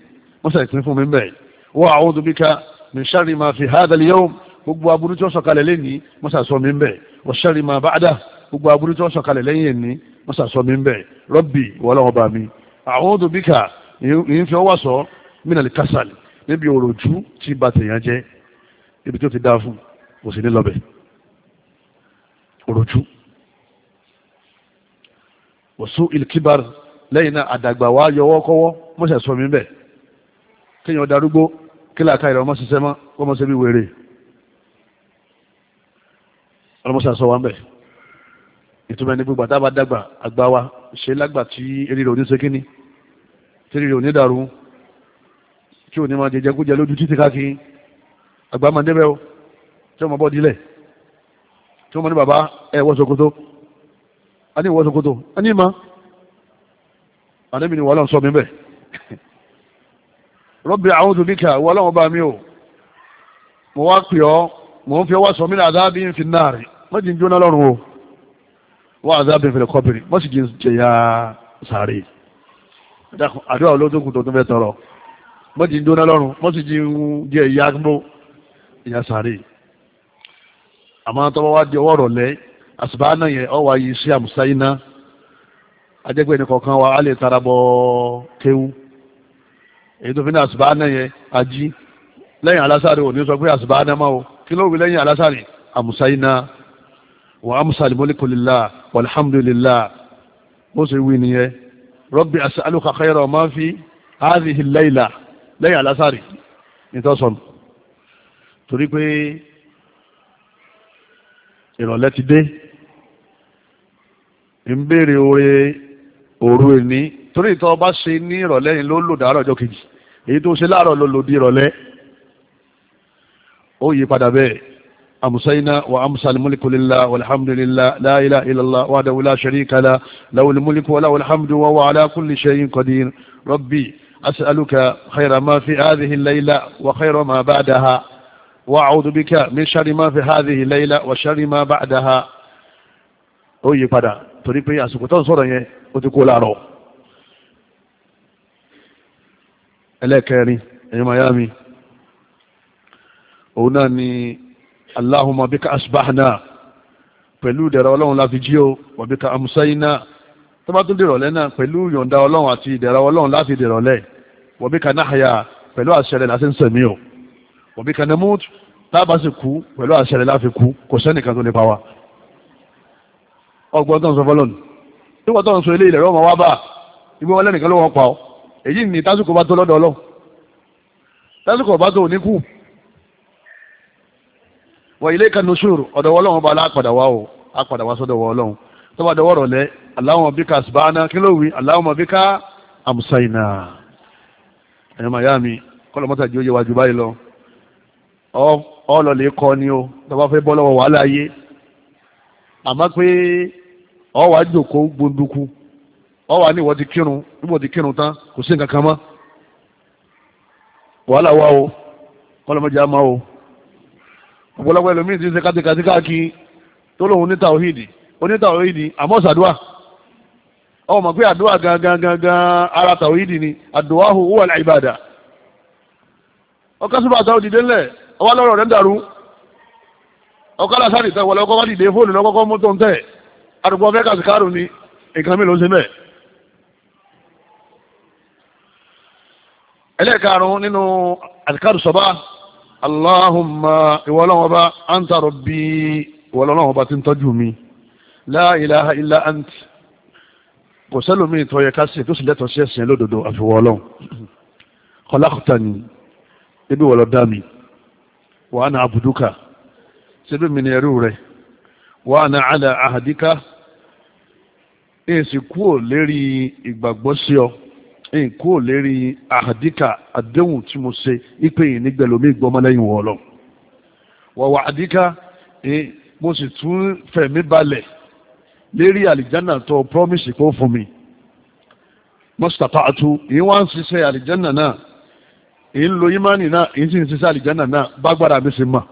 wọ́n sàì pín fún mi bẹ́ẹ̀ wa a'udhu bika min sharri ma fi hadha al-yawm gbogbo aburú tí ó sọ̀kalẹ̀ lẹ́yìn wọ́n sàì sọ mi bẹ́ẹ̀ wa sharri ma ba'dahu gbogbo aburú tí ó sọ̀kalẹ̀ lẹ́yìn ẹ̀ní wọ́n sàì sọ mi bẹ́ẹ̀ Rabbi wọlọ́wọ́ bá mi a'udhu bika yìí fi ọwọ́ sọ min al-kasal níbi òròjú tí ba tèèyàn jẹ́ ibi tó ti dáa fún kò sí ní lọ́bẹ̀ òròjú wa su'il kibar lẹ́yìn náà àdàgbà wa yọwọ́ kọ́wọ́ mọ́sẹ̀ sọ mi bẹ̀ kéèyàn darúgbó kílà ká ìrọ̀ mọ́sísẹ́ mọ́ kọ́ mọ́sẹ́ bí wèrè ọlọ́mọsẹ̀ sọ wa ń bẹ̀ ìtumọ̀ ẹni gbogbo àtàbà dàgbà àgbà wa ṣe lágbà tí eré rẹ̀ oníṣe kíní tí eré rẹ̀ onídàrú kí òní máa jẹjẹ kújẹ lójú títí káàkiri àgbà máa débẹ̀ o tí wọ́n máa bọ́ dílẹ̀ tí wọ́n máa ní bàbá ẹ̀ wọ́ a ní ìwọ́ a ní ìmọ̀ ànábì ni wọ́n lọ́n sọ mi bẹ́ẹ̀ rọ́bì a'udhu bika wọ́n lọ́n bá mi o mo wá pè ọ́ mo ń fi ọwọ́ sọ mí náà àdábì fi náàrí mo jì ń jóná lọ́rùn o wọ́n àdábì fi lè kọ́bìrì mo sì jì ń jẹ̀yà sàárè àdúrà olótókùn tó tún fẹ́ tọrọ mo jì ń jóná lọ́rùn mo sì jì ń jẹ ìyá gbó ìyá sàárè àmọ́ tọ́wọ́ wá di ọwọ́ rọ̀lẹ́ àsìbá náà yẹ ọ wá yí sí àmúsáyí náà ajẹ́gbẹ́ ẹnìkọ̀ọ̀kan wa a lè tara bọ kéwú èyí tó fi ní àṣùbà náà yẹn ají lẹ́yìn alásàrè ò ní sọ pé àṣùbà náà máa o kí ló wí lẹ́yìn alásàrè àmùsáyínà wà ámùsàlìmọ́lìkọlìlá wàlhámdùlìlá ó sì wí nìyẹn rọ́bì as'aluka khayra ma fi hadhihi al-layla lẹ́yìn alásàrè nítòsọ̀nù torí pé ìrọ̀lẹ́ ti dé ń béèrè oore òru èní torí ìtọ́ ọba ṣe ní ìrọ̀lẹ́ yìí ló lò dàárọ̀ ọjọ́ kejì èyí tó ṣe láàárọ̀ ló lò di ìrọ̀lẹ́ ó yí padà bẹ́ẹ̀ amusaina wa amusal muliku lillah walhamdulillah la ilaha illallah wahdahu la sharika lah lahul mulku wa lahul hamdu wa huwa ala kulli shay'in qadir rabbi as'aluka khayra ma fi hadhihi layla wa khayra ma ba'daha وأعوذ بك من شر ما في هذه الليلة وشر ما بعدها أي فدا torí pé àsìkò tó ń sọ̀rọ̀ yẹn ó ti kó láàárọ̀ ẹlẹ́kẹrin ẹ̀yìn miami òun náà ni allahumma bika asbahna pẹ̀lú ìdẹ̀rọ ọlọ́run láfi jí o wa bika amsayna tó bá tún dìrọ̀lẹ́ náà pẹ̀lú yọ̀ǹda ọlọ́run àti ìdẹ̀rọ ọlọ́run láti dìrọ̀lẹ́ wa bika nahya pẹ̀lú àṣẹrẹ láti ń sẹ̀mí o wa bika namut tábà sì kú pẹ̀lú àṣẹrẹ láfi kú kò sẹ́nìkan tó nípa wa ọgbọ́n tó ń sọ fọlọ́nù nígbà tó ń sọ eléyìí lẹ́rọ ọmọ wa bá ibi wọn lẹ́nìkan ló wọ́n pa ọ́ èyí ni tásìkò bá tó lọ́dọ̀ ọlọ́ tásìkò bá tó òní kù wọ ilé kan nusur ọ̀dọ̀ wọ́n lọ́wọ́ bá aláàpàdà wa o àpàdà wa sọ́dọ̀ wọ́n lọ́wọ́ tó bá dọwọ́ rọ̀lẹ́ Allahumma bika asbahna kí ló wí Allahumma bika amsayna ẹ̀yọ́ màyá mi kọ́lọ̀ mọ́tà jí ó yẹ wájú báyìí lọ ọ lọ lè kọ́ ni o tó bá fẹ́ bọ́ lọ́wọ́ wàhálà ayé àmọ́ pé ọ jòkó gbóndúkú ọ ni ní kírun níbo kírun tán kò sí nǹkan kan mọ́ wàhálà wa o kọlọmọdé àmà o ọ̀pọ̀lọpọ̀ ẹlòmíì ti ń ṣe kátikàtí káàkiri tó lóun ní tàwíìdì oní tàwíìdì àmọ́ mọ̀ pé àdúà gangan ara tàwíìdì ni àdúà hù wà ọkọ̀ ọwọ́ lọ́rọ̀ rẹ̀ ń dàrú ọkọlá sáré tẹ wọlé ọkọ wá dìde fóònù lọkọkọ mú tó ń tẹ àdùgbò ọfẹ kàṣíkàrù ni nǹkan mélòó ṣe bẹ́ẹ̀. ẹlẹ́ẹ̀karùn-ún nínú àdìkàrù sọ́bà aláhùnmá ìwọlọ́wọ́ba àǹtàrọ̀ bí ìwọlọ́wọ́ba ti ń tọ́jú mi láìláha ilá àǹtì kò sẹ́lómi ìtọ́yẹ kásì tó sì lẹ́tọ̀ọ́ sí ẹ̀sìn lódodo àfiwọ́lọ́hùn kọlákùtà ni ibi wọ̀lọ́ dá mi wàhánà àbùdúkà ṣebí mi ni ẹrú rẹ̀ wà á na àlà àhàdíkà èsì kúò lérí ìgbàgbọ́ sí ọ èyí kúò lérí àhàdíkà àdéhùn tí mo ṣe ipe yìí nígbẹ̀lómi gbọ́mọlẹ́yìn wọ̀ lọ. wàwà àdíkà mo sì tún fẹ̀mí balẹ̀ lérí àlìjánà tó promise kó fún mi mọ́sítàpá àtú èyí wá ń ṣiṣẹ́ àlìjánà náà èyí ń lo yímánì náà èyí sì ń ṣiṣẹ́ àlìjánà náà bá gbára mi sì máa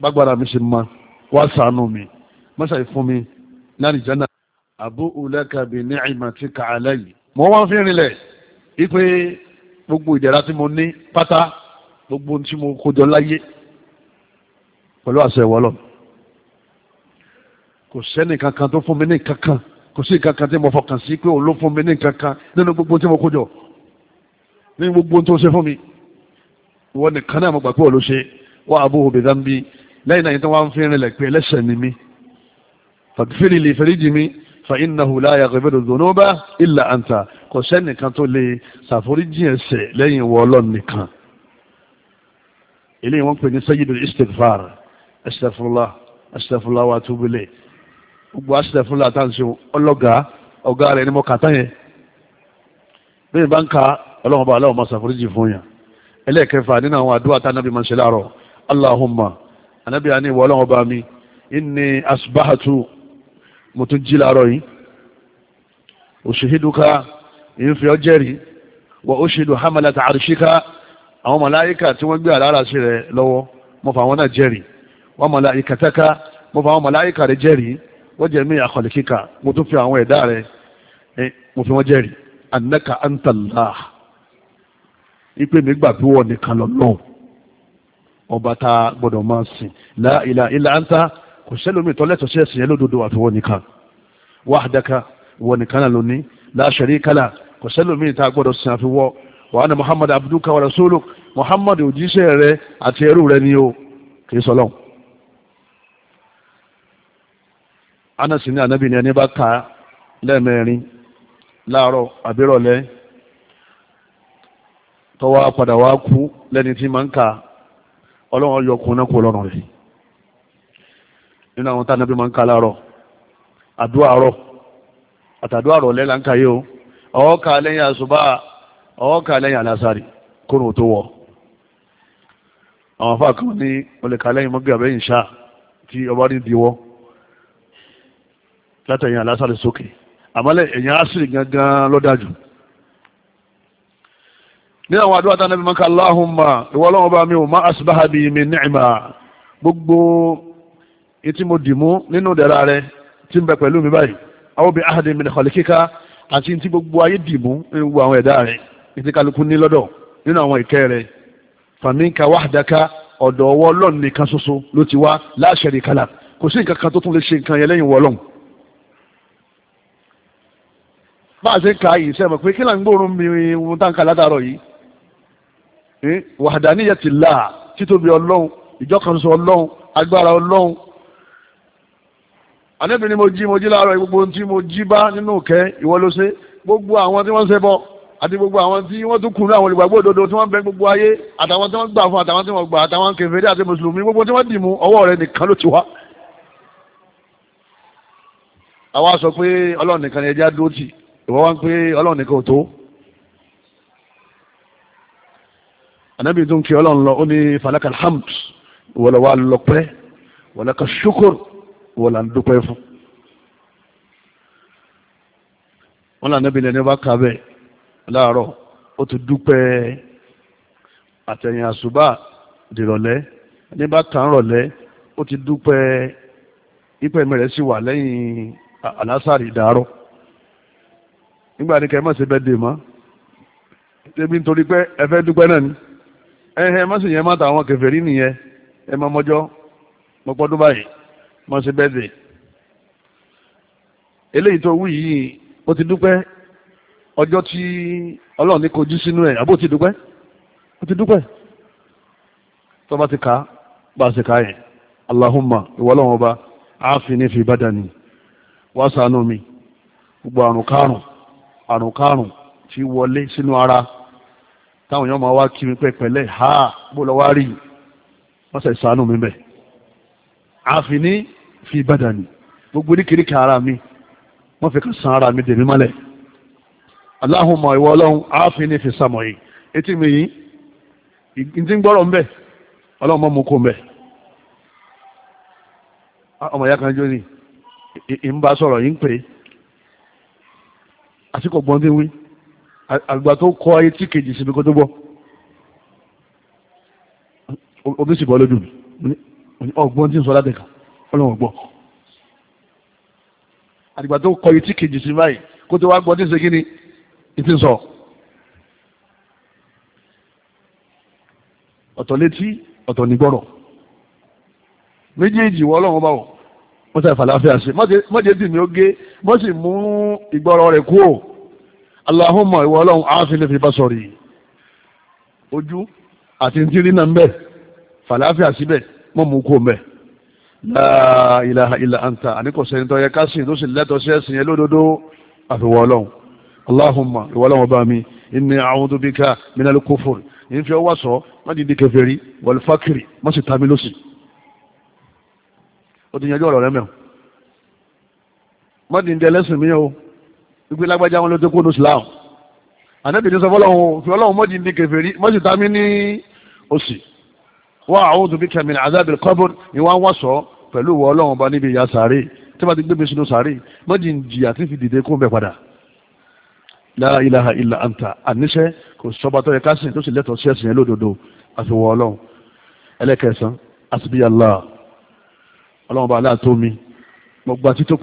bágbára mi ṣe ma wá sànú mi mọ́ṣáì fún mi láti jẹ́ náà. àbú ulẹ́ka bíi ní àìmọ̀tí ka alẹ́ yìí. mo wá fi rinlẹ̀ wípé gbogbo ìdẹ̀ra tí mo ní pátá gbogbo tí mo kó jọ láyé pẹ̀lú àṣẹ ìwọlọ́ kò sẹ́ni kankan tó fún mi ní kankan kò sí kankan tí mo fọkàn sí pé òun ló fún mi ní kankan nínú gbogbo tí mo kó nínú gbogbo tó ṣe fún mi ìwọ nìkan náà mo gbà pé òun ṣe wà á bó obìnrin lẹ́yìn náà yìí tó wá ń fi rinlẹ̀ pé ẹlẹ́ṣẹ̀ ni mí fàtífìrì lè fẹ́ríjì mi fa innahu la yaghfiru dhunuba illa anta kò sẹ́nìkan tó lè ṣàforíjì ẹ̀ṣẹ̀ lẹ́yìn ìwọ ọlọ́run nìkan eléyìí wọ́n pè ní sayyidul istighfar astaghfirullah astaghfirullah wa atubu ilayh gbogbo astaghfirullah àtàǹṣe ọlọ́gàá ọ̀gá rẹ̀ ni mo kà tán yẹn bí ìbá ń ka ọlọ́run anábì àní ìwọ ọlọ́run ọba mi inni asbahatu mo tún jí láàárọ̀ yìí òṣèhídùká ìfẹ́ ọjẹ́rì wọ òṣèlú hamalata àríṣíká àwọn màláíkà tí wọ́n gbé àlàárà sí rẹ lọ́wọ́ mo fà wọn náà jẹ́rì wọ́n màláíkà tẹ́ka mo fà wọn màláíkà rẹ jẹ́rì wọ́n jẹ́ mí àkọlẹ̀ kíkà mo tún fi àwọn ẹ̀dá rẹ mo fi wọ́n jẹ́rì annaka antallah ipe mi gbà bí wọ́n nìkan lọ́lọ́run ọba tá a máa sìn la ilaha illa anta kò sẹ́lómi tọ́lẹ́tọ̀ sí ẹ̀sìn yẹn lódodo àfiwọ́ nìkan wahdaka wọ nìkan náà lóní la sharika la kò sẹ́lómi tá a gbọ́dọ̀ sìn àfiwọ́ wa ana muhammad abduka wa rasuluk muhammad òjíṣẹ́ rẹ àti ẹrú rẹ ni o kì í anasi ní anabi ni ẹni bá ka lẹ́ẹ̀mẹrin láàárọ̀ àbírọ̀lẹ́ tọ́wọ́ padà wá kú lẹ́ni tí máa ń ka ọlọ́run yọ ọkùnrin náà kú ọlọ́run rẹ̀ nínú àwọn tá nàbí máa ń ká láàárọ̀ àdúrà àárọ̀ àtàdúrà àárọ̀ lẹ́la ń káyé o ọwọ́ ká lẹ́yìn àṣùbà ọwọ́ ká lẹ́yìn àlásàrì kóòrùn tó wọ̀ àwọn afá kan ní ọlẹ́ka lẹ́yìn mọ́gbé àbẹ́yìn ṣáà tí ọba rí diwọ́ látẹ̀yìn àlásàrì sókè àmọ́lẹ̀ ẹ̀yìn àṣírí gangan lọ́dájú ní àwọn àdúrà tánà bí mọ́ká Allahumma ìwọ́lọ́wọ́ bá mi ò má asbaha bi min ni'ma gbogbo etí mo dì mú nínú ìdẹ̀ra rẹ tí ń bẹ pẹ̀lú mi báyìí àwọn obìnrin ahadi min khalikika àti tí gbogbo ayé dì mú nínú gbogbo àwọn ẹ̀dá rẹ ètí kálukú ní lọ́dọ̀ nínú àwọn ìkẹ́ rẹ faminka wahdaka ọ̀dọ̀ ọwọ́ ọlọ́run nìkan ṣoṣo ló ti wá la sharika lak ń ka yìí sẹ́mọ̀ pé kí là ń gbóòórùn mi ohun tá látàárọ̀ yìí Hmm? wahadaniyatillah títóbi ọlọ́run ìjọkànṣe ọlọ́run agbára ọlọ́run anẹ́bí ni mo jí mo jí láàárọ̀ gbogbo tí mo jí bá nínú ìkẹ́ ìwọ ló ṣe gbogbo àwọn tí wọ́n ń ṣẹbọ àti gbogbo àwọn tí wọ́n tún kùnú àwọn olùgbàgbọ́ òdodo tí wọ́n bẹ gbogbo ayé àtàwọn tí wọ́n gbà fún àtàwọn tí wọ́n gbà àtàwọn kèfèrí àti mùsùlùmí gbogbo tí wọ́n dì mú ọwọ́ rẹ nìkan ló ti wá. àwa sọ pé ọlọ́run nìkan ni ẹja dúró tì ìwọ wá ń pé ọlọ́run nìkan ò tó anabi tó ń kí ọlọ́run lọ ó ní falaka alhamd wọlé wa lọpẹ́ wọlé ka ṣukur wọlé àdúpẹ́ fún. wọn lànà bí lẹni bá kà bẹ́ẹ̀ láàárọ̀ ó ti dúpẹ́ àtẹ̀yìn àṣùbà dìrọ̀lẹ́ ní bá kà ń rọ̀lẹ́ ó ti dúpẹ́ ìpẹ́ mẹ́rẹ̀ sì wà lẹ́yìn àlásàrì ìdárọ̀ nígbà ní kẹ́ ẹ má ṣe bẹ́ẹ̀ dè mọ́ débi nítorí pé ẹ fẹ́ dúpẹ́ ni. ẹ̀hẹ̀ má sì yẹn má tàwọn kèfèrí nìyẹn ẹ má mọ́jọ́ mo báyìí má ṣe eléyìí tó wú yìí ó ti dúpẹ́ ọjọ́ tí ọlọ́run ní kojú sínú ẹ̀ àbó ti dúpẹ́ ó ti dúpẹ́ tó bá ti kà á a ṣe mi gbogbo àrùn kárùn ti wọlé sínú ara. táwọn èèyàn máa wá kí pẹ́pẹ́lẹ́ ha bó lọ wá rí wọ́n sẹ̀ sànú mi bẹ̀. àfi ní fi ìbàdàn ni gbogbo oríkèéríkè ara mi wọ́n fi kàn san ara mi dèmí mọ́lẹ̀. aláhùnmọ̀ ìwọ ọlọ́run àfi ní fi sàmọ̀ yìí etí mi yìí ìdí ń gbọ́rọ̀ ń bẹ̀ ọlọ́run mọ́ mu kó ń bẹ̀. ọmọ ìyá kan jó ni sọ̀rọ̀ yìí ń pè é àti gbọ́n bí wí àgbà tó kọ ayé tí kejì síbi kó tó bọ́ omi sì bọ́ lójú mi ọgbọ́n tí ń sọ ládẹ́ka ọlọ́run ọgbọ́n àdìgbà tó kọ ayé tí kejì síbi báyìí kó tó wá gbọ́n tí ń ṣe kí ni ìtì ń sọ. ọ̀tọ̀ létí ọ̀tọ̀ nígbọ́rọ̀ méjèèjì wọ ọlọ́run bá wọ̀ wọ́n sàfàlàfẹ́ àṣẹ mọ́jẹ́ tì mí ó gé mọ́ sì mú ìgbọ́rọ̀ rẹ̀ kú ò. Allahumma ìwọ ọlọ́run áfílì fi bá sọ̀rọ̀ yìí ojú àti ntírí náà ń bẹ̀ fàlàáfíà síbẹ̀ mọ́ mú kó mẹ́ la ilaha illa anta àníkò sẹ́ni tó yẹ kásìn tó sì lẹ́tọ̀ọ́ sí ẹ̀sìn yẹn lódodo àfiwọ́ ọlọ́run Allahumma ìwọ ọlọ́run ọba mi inni a'udhu bika minal kufur yìí fi ọwọ́ sọ wọ́n ti di kèfèrí wal fakiri wọ́n sì ta mí lọ́sì ó ti yanjú ọ̀rọ̀ rẹ mẹ́wọ̀n mọ́tì ń dẹ gbígbé lágbájá wọn ló ti kó ní islam ànábì ní sọ fọlọ́hún fi ọlọ́hún mọ́jì ní kèfèrí mọ́jì tá mi ní òsì wọ́n àwọn tóbi kẹ̀mí ní azabil qabr ni wọ́n wọ́n sọ pẹ̀lú ìwọ ọlọ́hún bá níbi ìyá sàárè tí wọ́n ti gbé mi sínú sàárè mọ́jì ń jìyà tí fi dìde kó ń bẹ padà la ilaha illa anta àníṣe kò sọba tó yẹ ká sìn tó sì lẹ́tọ̀ọ́ sí ẹ̀sìn yẹn lódodo àfi wọ ọlọ́run ẹlẹ́kẹ̀sán Allah ọlọ́run bá aláàtó mi mo gba tító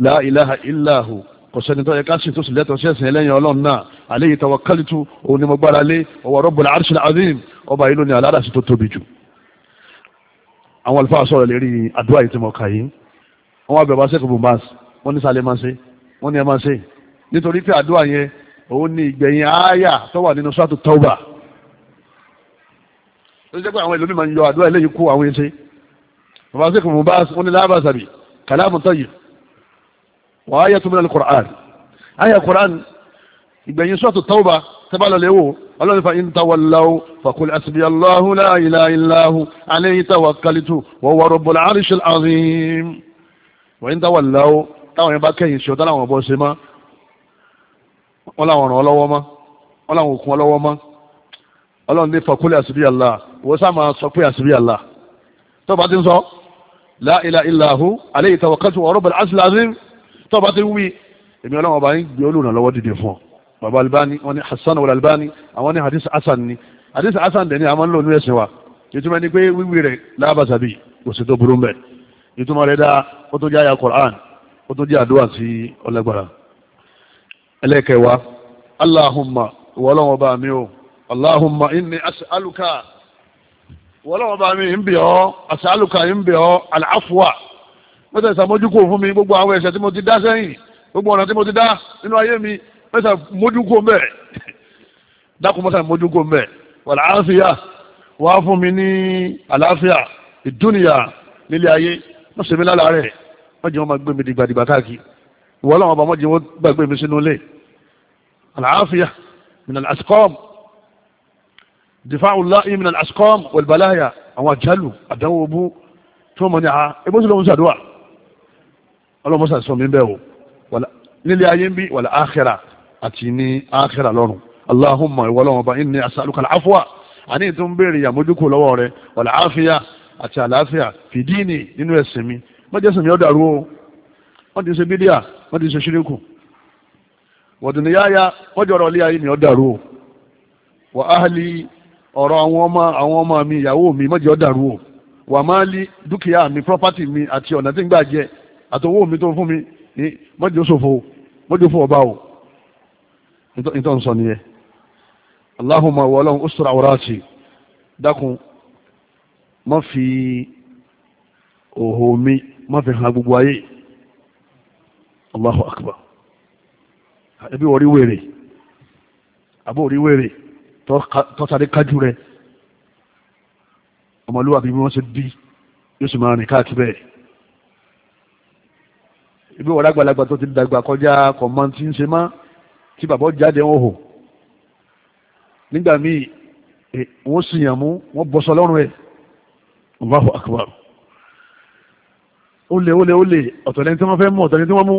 la ilaha illa hu kò sẹ́ni tó yẹ ká sì tó sì lẹ́tọ̀ọ́ sí ẹ̀sìn ẹlẹ́yìn ọlọ́run náà alayhi tawakkaltu òun ni mo gbára lé ọwọ́ rabbul arshil azim ọba yìí ló ní aládàsí tó tóbi jù. àwọn àlùfáà sọ̀rọ̀ lérí àdúrà yìí tí mo kà yìí wọ́n wá bẹ̀rẹ̀ wá sẹ́kù bùnbáàs wọ́n ní sálẹ̀ máa ṣe wọ́n ní ẹ máa ṣe nítorí pé àdúrà yẹn òun ni ìgbẹ̀yìn ááyà tó wà nínú sọ́ọ̀tù tọ́wbà ló jẹ́ pé àwọn ìlú wà á yẹ tó mílẹ̀ Qur'an ayé Qur'an ìgbẹ̀yìn sọ́ọ̀tù tọ́wọ́ba tẹ́bàlọ́lẹ̀ wò ọlọ́run fa in tawallaw faqul hasbiya Allahu la ilaha illa hu alayhi tawakkaltu wa huwa rabbul arshil azim wa in tawallaw táwọn yẹn bá kẹ́yìn ṣe ọ̀tá làwọn ọ̀bọ ṣe má wọn làwọn ràn ọlọ́wọ́ má wọn làwọn òkun ọlọ́wọ́ má ọlọ́run ní faqul hasbiya Allah tó bá ti wí èmi ọlọ́run ọba yín gbé olùrànlọ́wọ́ dìde fún ọ bàbá albani wọn ni hasan wọlé albani àwọn ni hadith hasan ni hadith hasan dẹ̀ ni àwọn ń lò ní ẹsẹ̀ wa ìtumọ̀ ni pé wíwí rẹ̀ lábàṣàbí kò sí tó burú mbẹ̀ ìtumọ̀ rẹ̀ dáa ó tó jẹ́ àyà Qur'an ó tó jẹ́ àdúrà sí ọlẹ́gbàrà ẹlẹ́kẹ̀wá allahumma wọlọ́wọ́ bá mi o allahumma inni as'aluka wọlọ́wọ́ bá mi ń bẹ̀ ọ́ as'aluka ń bẹ̀ ọ́ al mẹ́ta ìsàmójúkò fún mi gbogbo àwọn ẹ̀ṣẹ̀ tí mo ti dá sẹ́yìn gbogbo ọ̀nà tí mo ti dá nínú ayé mi mẹ́ta mójúkò mbẹ́ dákun mẹ́ta mójúkò mbẹ́ wàlá àáfíà wàá fún mi ní àlàáfíà ìdúnìyà nílé ayé wọ́n ṣe mí lára rẹ̀ wọ́n jẹ́ wọn máa gbé mi dìgbàdìgbà káàkiri ìwọ ọlọ́run ọba wọ́n jẹ́ wọn gbàgbé mi sínú ilé àlàáfíà minal ascom difaahu lahi minal ascom wal àwọn àjálù àdánwò bú tí wọ́n mọ̀ ní àá ah, ebó sì ṣàdúrà ọlọ́mọsà sọ mi bẹ́ẹ̀ o nílé ayé ń bí wàlá àkhírà àti ní àkhírà lọ́rùn aláhùnmá ìwọlọ́wọ́n bá ní asàlùkà àfọ́à àní tó ń béèrè àmójúkò lọ́wọ́ rẹ wàlá àfíà àti àlàáfíà fìdíìnì nínú ẹ̀sìn mi wọ́n jẹ́ sẹ̀mí ọ̀dàrú o wọ́n ti ṣe bídíà wọ́n ti ṣe ṣíríkù wọ̀dùnúyáyá wọ́n jọ̀rọ̀ ilé ayé mi ọ̀dàrú o wà áhàlì ọ̀rọ̀ àwọn ọmọ àwọn ọmọ mi ìyàwó mi mọ́jẹ́ ọ̀dàrú o wà máa lí dúkìá mi property mi àti ọ̀nà tí ń gbà jẹ́ àtọwọ́ mi tó fún mi ní mọ́jọ́ sòfò mọ́jọ́ fún ọba o nítorí ń sọ nìyẹn Allahumma wọ ọlọ́run ó sọ̀rọ̀ àwòrán àti dákun má fi òhò mi má fi hàn gbogbo ayé Allahu akbar ẹbí wọ́n rí wèrè àbó rí wèrè tọ́sàdé kájú rẹ ọmọlúwàbí bí ṣe bí yóò sì máa rìn káàkiri bẹ́ẹ̀ ibi wọ́n lágbàlagbà tó ti dàgbà kọjá kọ̀mọ́ tí ń ṣe má tí bàbá jáde wọn hò nígbà míì eh, wọ́n sì yàn mú wọ́n bọ́sọ lọ́rùn ẹ̀ Allahu akbar ó lè ó lè ó lè ọ̀tọ̀lẹ́ni tí wọ́n fẹ́ mú ọ̀tọ̀lẹ́ni tí wọ́n mú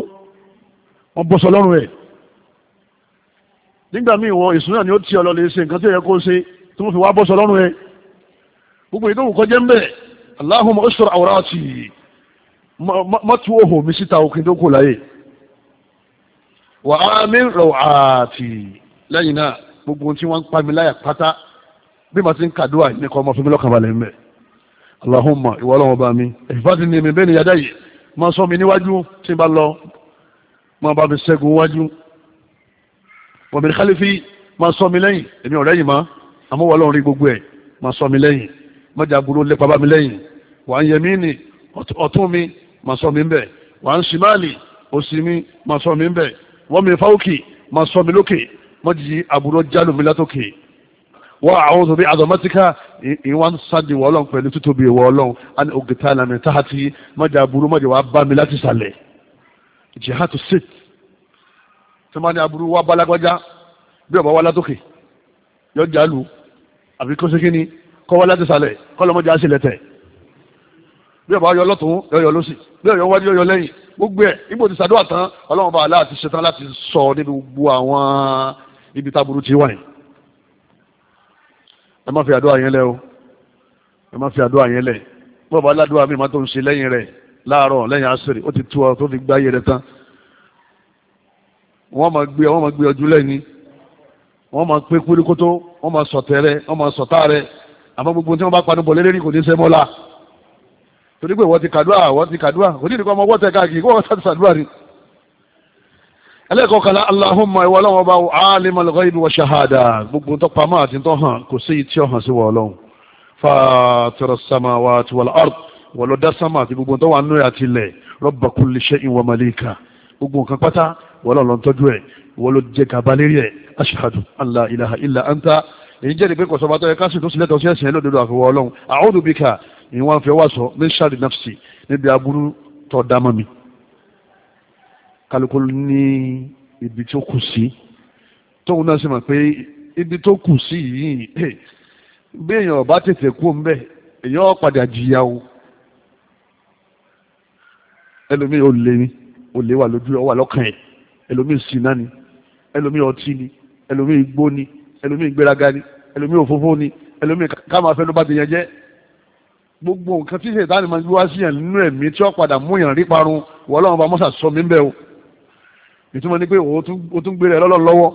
wọ́n bọ́sọ lọ́rùn ẹ̀ nígbà míì wọ ìsúná ni ó ti ọlọ́lẹ̀ ṣe nǹkan tí ó yẹ kó ṣe tí wọ́n fi wá bọ́sọ lọ́rùn ẹ̀ gbogbo ìdóhùn kọjá ń bẹ̀ Allahumma ustur awrati má tú òhò mi síta òkè tó kò láyè wà á mi rọ̀ àti lẹ́yìn náà gbogbo tí wọ́n ń pa mi láyà pátá bí màá ti ń kàdúrà ní kọ́ ọmọ fún lọ́kàn balẹ̀ mẹ́ Allahumma ìwọ ọlọ́wọ́ bá mi ìfàtí ni èmi bẹ́ẹ̀ ni yàdá yìí máa sọ mi níwájú tí n bá lọ máa bá mi ṣẹ́gun wájú wọ́n mi khalifi máa sọ mi lẹ́yìn èmi ọ̀rẹ́ yìí máa àmọ́ wọ́n rí gbogbo ẹ̀ máa sọ mi lẹ́yìn mọ́jà burú lépa bá mi lẹ́yìn wà yẹ mí ni ọ̀tún mi máa ṣọ́ mi ńbẹ̀ wà ń ṣìmáàlì òsì mi máa ṣọ́ mi ńbẹ̀ wọ́n mi fáwọ́kì máa ṣọ́ mi lókè mọ́jì àbúrò jálù mi látòkè wọ́n àwọn òṣèlú àdọ̀mọ́tíkà ìwọ́n sáàdì wọ́ ọlọ́run pẹ̀lú títóbi ìwọ́ ọlọ́run á ní ògìtà ìlànà táhàtì mọ́jà àbúrò mọ́jà wàá bá mi láti sàlẹ̀ jihad sit tí àbúrò wá balagbájá bí ọba wá látòkè yọ jálù àbí kó kọ́ wá láti sàlẹ̀ kọ́ lọ́mọdé á sì lẹ́tẹ̀ẹ́ bí ọba yọ lọ́tún yọyọ lọ́sì bí ọyọ wájú yọyọ lẹ́yìn gbogbo ẹ̀ nígbò tí sàdúrà tán ọlọ́run bá aláàtì ṣetán láti sọ níbi gbogbo àwọn ibi táburú ti wà yìí ẹ má fi àdúrà yẹn lẹ o ẹ má fi àdúrà yẹn lẹ bí ọba aládùúrà mi máa tó ń ṣe lẹ́yìn rẹ̀ láàárọ̀ lẹ́yìn àṣírí ó ti tu ọ tó fi gbá yẹrẹ tán wọ́n máa gbé wọ́n máa gbé ọdún lẹ́ni wọ́n máa pé kúrikótó wọ́n máa sọ̀tẹ̀ rẹ̀ wọ́n máa sọ̀tà rẹ̀ àmọ́ gbogbo tí wọ́n bá panu bọ̀ lélẹ́rìí kò ní sẹ́mọ́lá torí pé wọ́n ti kàdúrà wọ́n ti kàdúrà kò ní ìdíkọ́ ọmọ wọ́tẹ̀ káàkiri kó wọ́n sá ti sàdúrà ni. ẹlẹ́kọ̀ọ́kànlá aláhùnmá ìwọ ọlọ́run ọba alimul ghaibi wa shahada gbogbo tó pamọ́ àti tó hàn kò sí tí ó hàn sí wọ ọlọ́run fatiras samawati wal ard wọ́n lọ dá sámà àti gbogbo tó wà nínú àti ilẹ̀ rabba kulli shay'in wa malika gbogbo nǹkan pátá wọ́n lọ́ọ́ tọ́jú èyí wọ́n fi ọwọ́ sọ ní sáré nafsi níbi aburú tọ́ dámọ́ mi kálukú ní ibi tó kù sí tóun náà sì mọ̀ pé ibi tó kù sí yìí eh, bí èèyàn ọba tètè kú ńbẹ èèyàn padà jìyà o ẹlòmíì ò lè ní ò lè wà lójú ọwà lọ́kàn ẹ̀ ẹlòmíì ṣìnà ni ẹlòmíì ọtí ni ẹlòmíì igbó ni ẹlòmíì ìgbéraga ni ẹlòmíì òfófó ni ẹlòmíì ká máa fẹ́ ló bá ti yẹn jẹ́ gbogbo nǹkan tí ṣètàn máa ń gbé wá sí yàn nínú ẹ̀mí tí ó padà mú yàn rí parun wọ́n lọ́wọ́ bá mọ́sà sọ mí bẹ́ẹ̀ o ìtumọ̀ ni pé o tún gbére ọlọ́run lọ́wọ́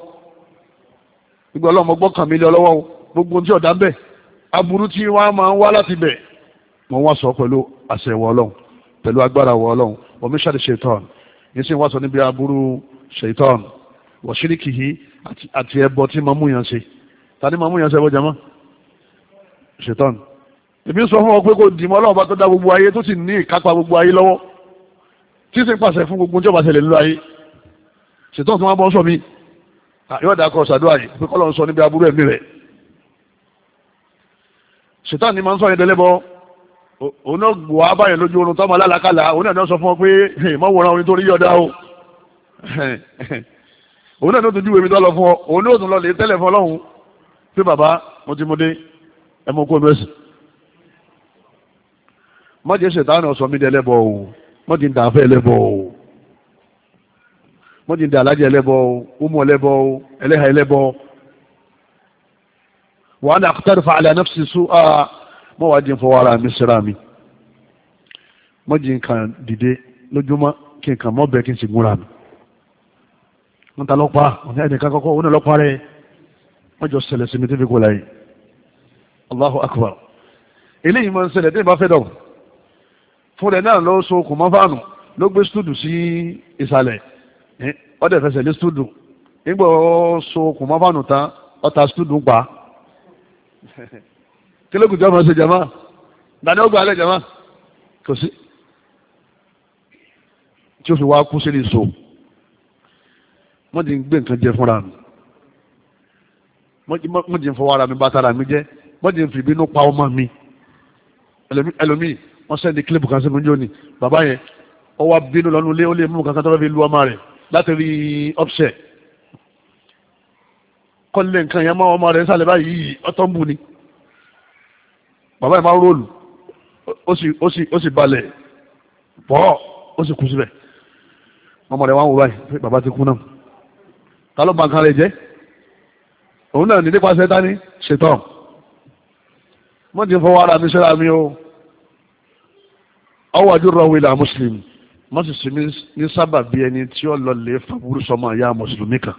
gbogbo ọlọ́run mo gbọ́kàn mi lé ọlọ́wọ́ o gbogbo tí ọ̀dà ń bẹ̀ aburú tí wọ́n máa ń wá láti bẹ̀ mo wá sọ pẹ̀lú àṣẹ wọ ọlọ́run pẹ̀lú agbára wọ ọlọ́run omi ṣáde ṣètàn yìí sì wá sọ níbi aburú ṣètàn wọ̀ṣíríkìhí àti ẹbọ tí èmi sọ fún ọ pé kò dìmọ́ ọlọ́run bá tó dá gbogbo ayé tó sì ní ìkápá gbogbo ayé lọ́wọ́ tí sì ń pàṣẹ fún gbogbo ìjọba ṣẹlẹ̀ nílò ayé ṣètò tó wọn bọ́ sọ mi yóò dà kọ ṣàdúrà yìí pé kọ́lọ́ ń sọ níbi aburú ẹ̀mí rẹ̀ ṣètò àní máa ń sọ yẹn dẹlẹ́bọ òun náà gbò á báyẹn lójú oorun tọ́mọ alálàkàlà òun náà ní wọ́n sọ fún ọ pé mọ́wòrán orin tó rí yọ̀dá o [laughs] òun náà ní ojú ìwé mi tó lọ fún ọ òun ní òtún lọ lè tẹ́lẹ̀ fún ọlọ́run pé bàbá mo ti mo dé ẹ mọ kó o lọ ẹsìn mọ́jẹ́ ṣètánù ọ̀sán mi dẹ́lẹ́bọ̀ o mọ́jẹ́ ń dà afẹ́ ẹlẹ́bọ̀ o mọ́jẹ́ ń dà alájẹ́ ẹlẹ́bọ̀ o umu ẹlẹ́bọ̀ o ẹlẹ́hà ẹlẹ́bọ̀ wàá ní akutẹ́rù fa alẹ́ anáfíìsì sùn á mọ́ wàá jẹ́ ń fọwọ́ ara mi síra mi mọ́jẹ́ ń kàn dìde lójúmọ́ kí n kàn mọ́ bẹ́ẹ̀ kí n sì múra mi wọ́n ta lọ́pàá òní ẹnìkan kọ́kọ́ òní lọ́pàá rẹ̀ wọ́n jọ fúnra náà ló so kò mọ́ fáànù ló gbé stúdù sí ìsàlẹ̀ ọdẹ fẹsẹ̀ lé stúdù nígbà ó so kò mọ́ fáànù tán ọta stúdù ń pa [laughs] kílógún tí wọ́n jama dání ó gba alẹ́ jama kò sí tí ó fi wá kú sílẹ̀ so wọ́n ti ń gbé nǹkan jẹ fúnra mi wọ́n ti ń fọwọ́ ara mi bá tara mi jẹ́ wọ́n ti ń fi ìbínú pa ọmọ mi ẹlòmíì wọ́n sẹ́ni kílípù kan síbi jóni bàbá yẹn ó wá bínú lọ́nu ilé ó lè mú kankan tó fi lu ọmọ rẹ̀ láti rí ọ́pṣẹ̀ kọ́lé nǹkan yẹn mọ́ ọmọ rẹ̀ sálẹ̀ báyìí ọtọ́ ń bù ni bàbá yẹn máa róòlù ó sì balẹ̀ bọ́ ó sì kú síbẹ̀ ọmọ rẹ̀ wá ń wo báyìí pé bàbá ti kú náà ta ló ba nǹkan rẹ̀ jẹ́ òun náà ní nípasẹ̀ tání ṣètọ́ wọ́n ti fọwọ́ ara mi ṣẹ́ra mi o ọwọ́ àdúrà ilà muslim mọ́sísìmí ní sábà bí ẹni tí ó lọlé fàbúrú sọmọ ìyá mùsùlùmí kan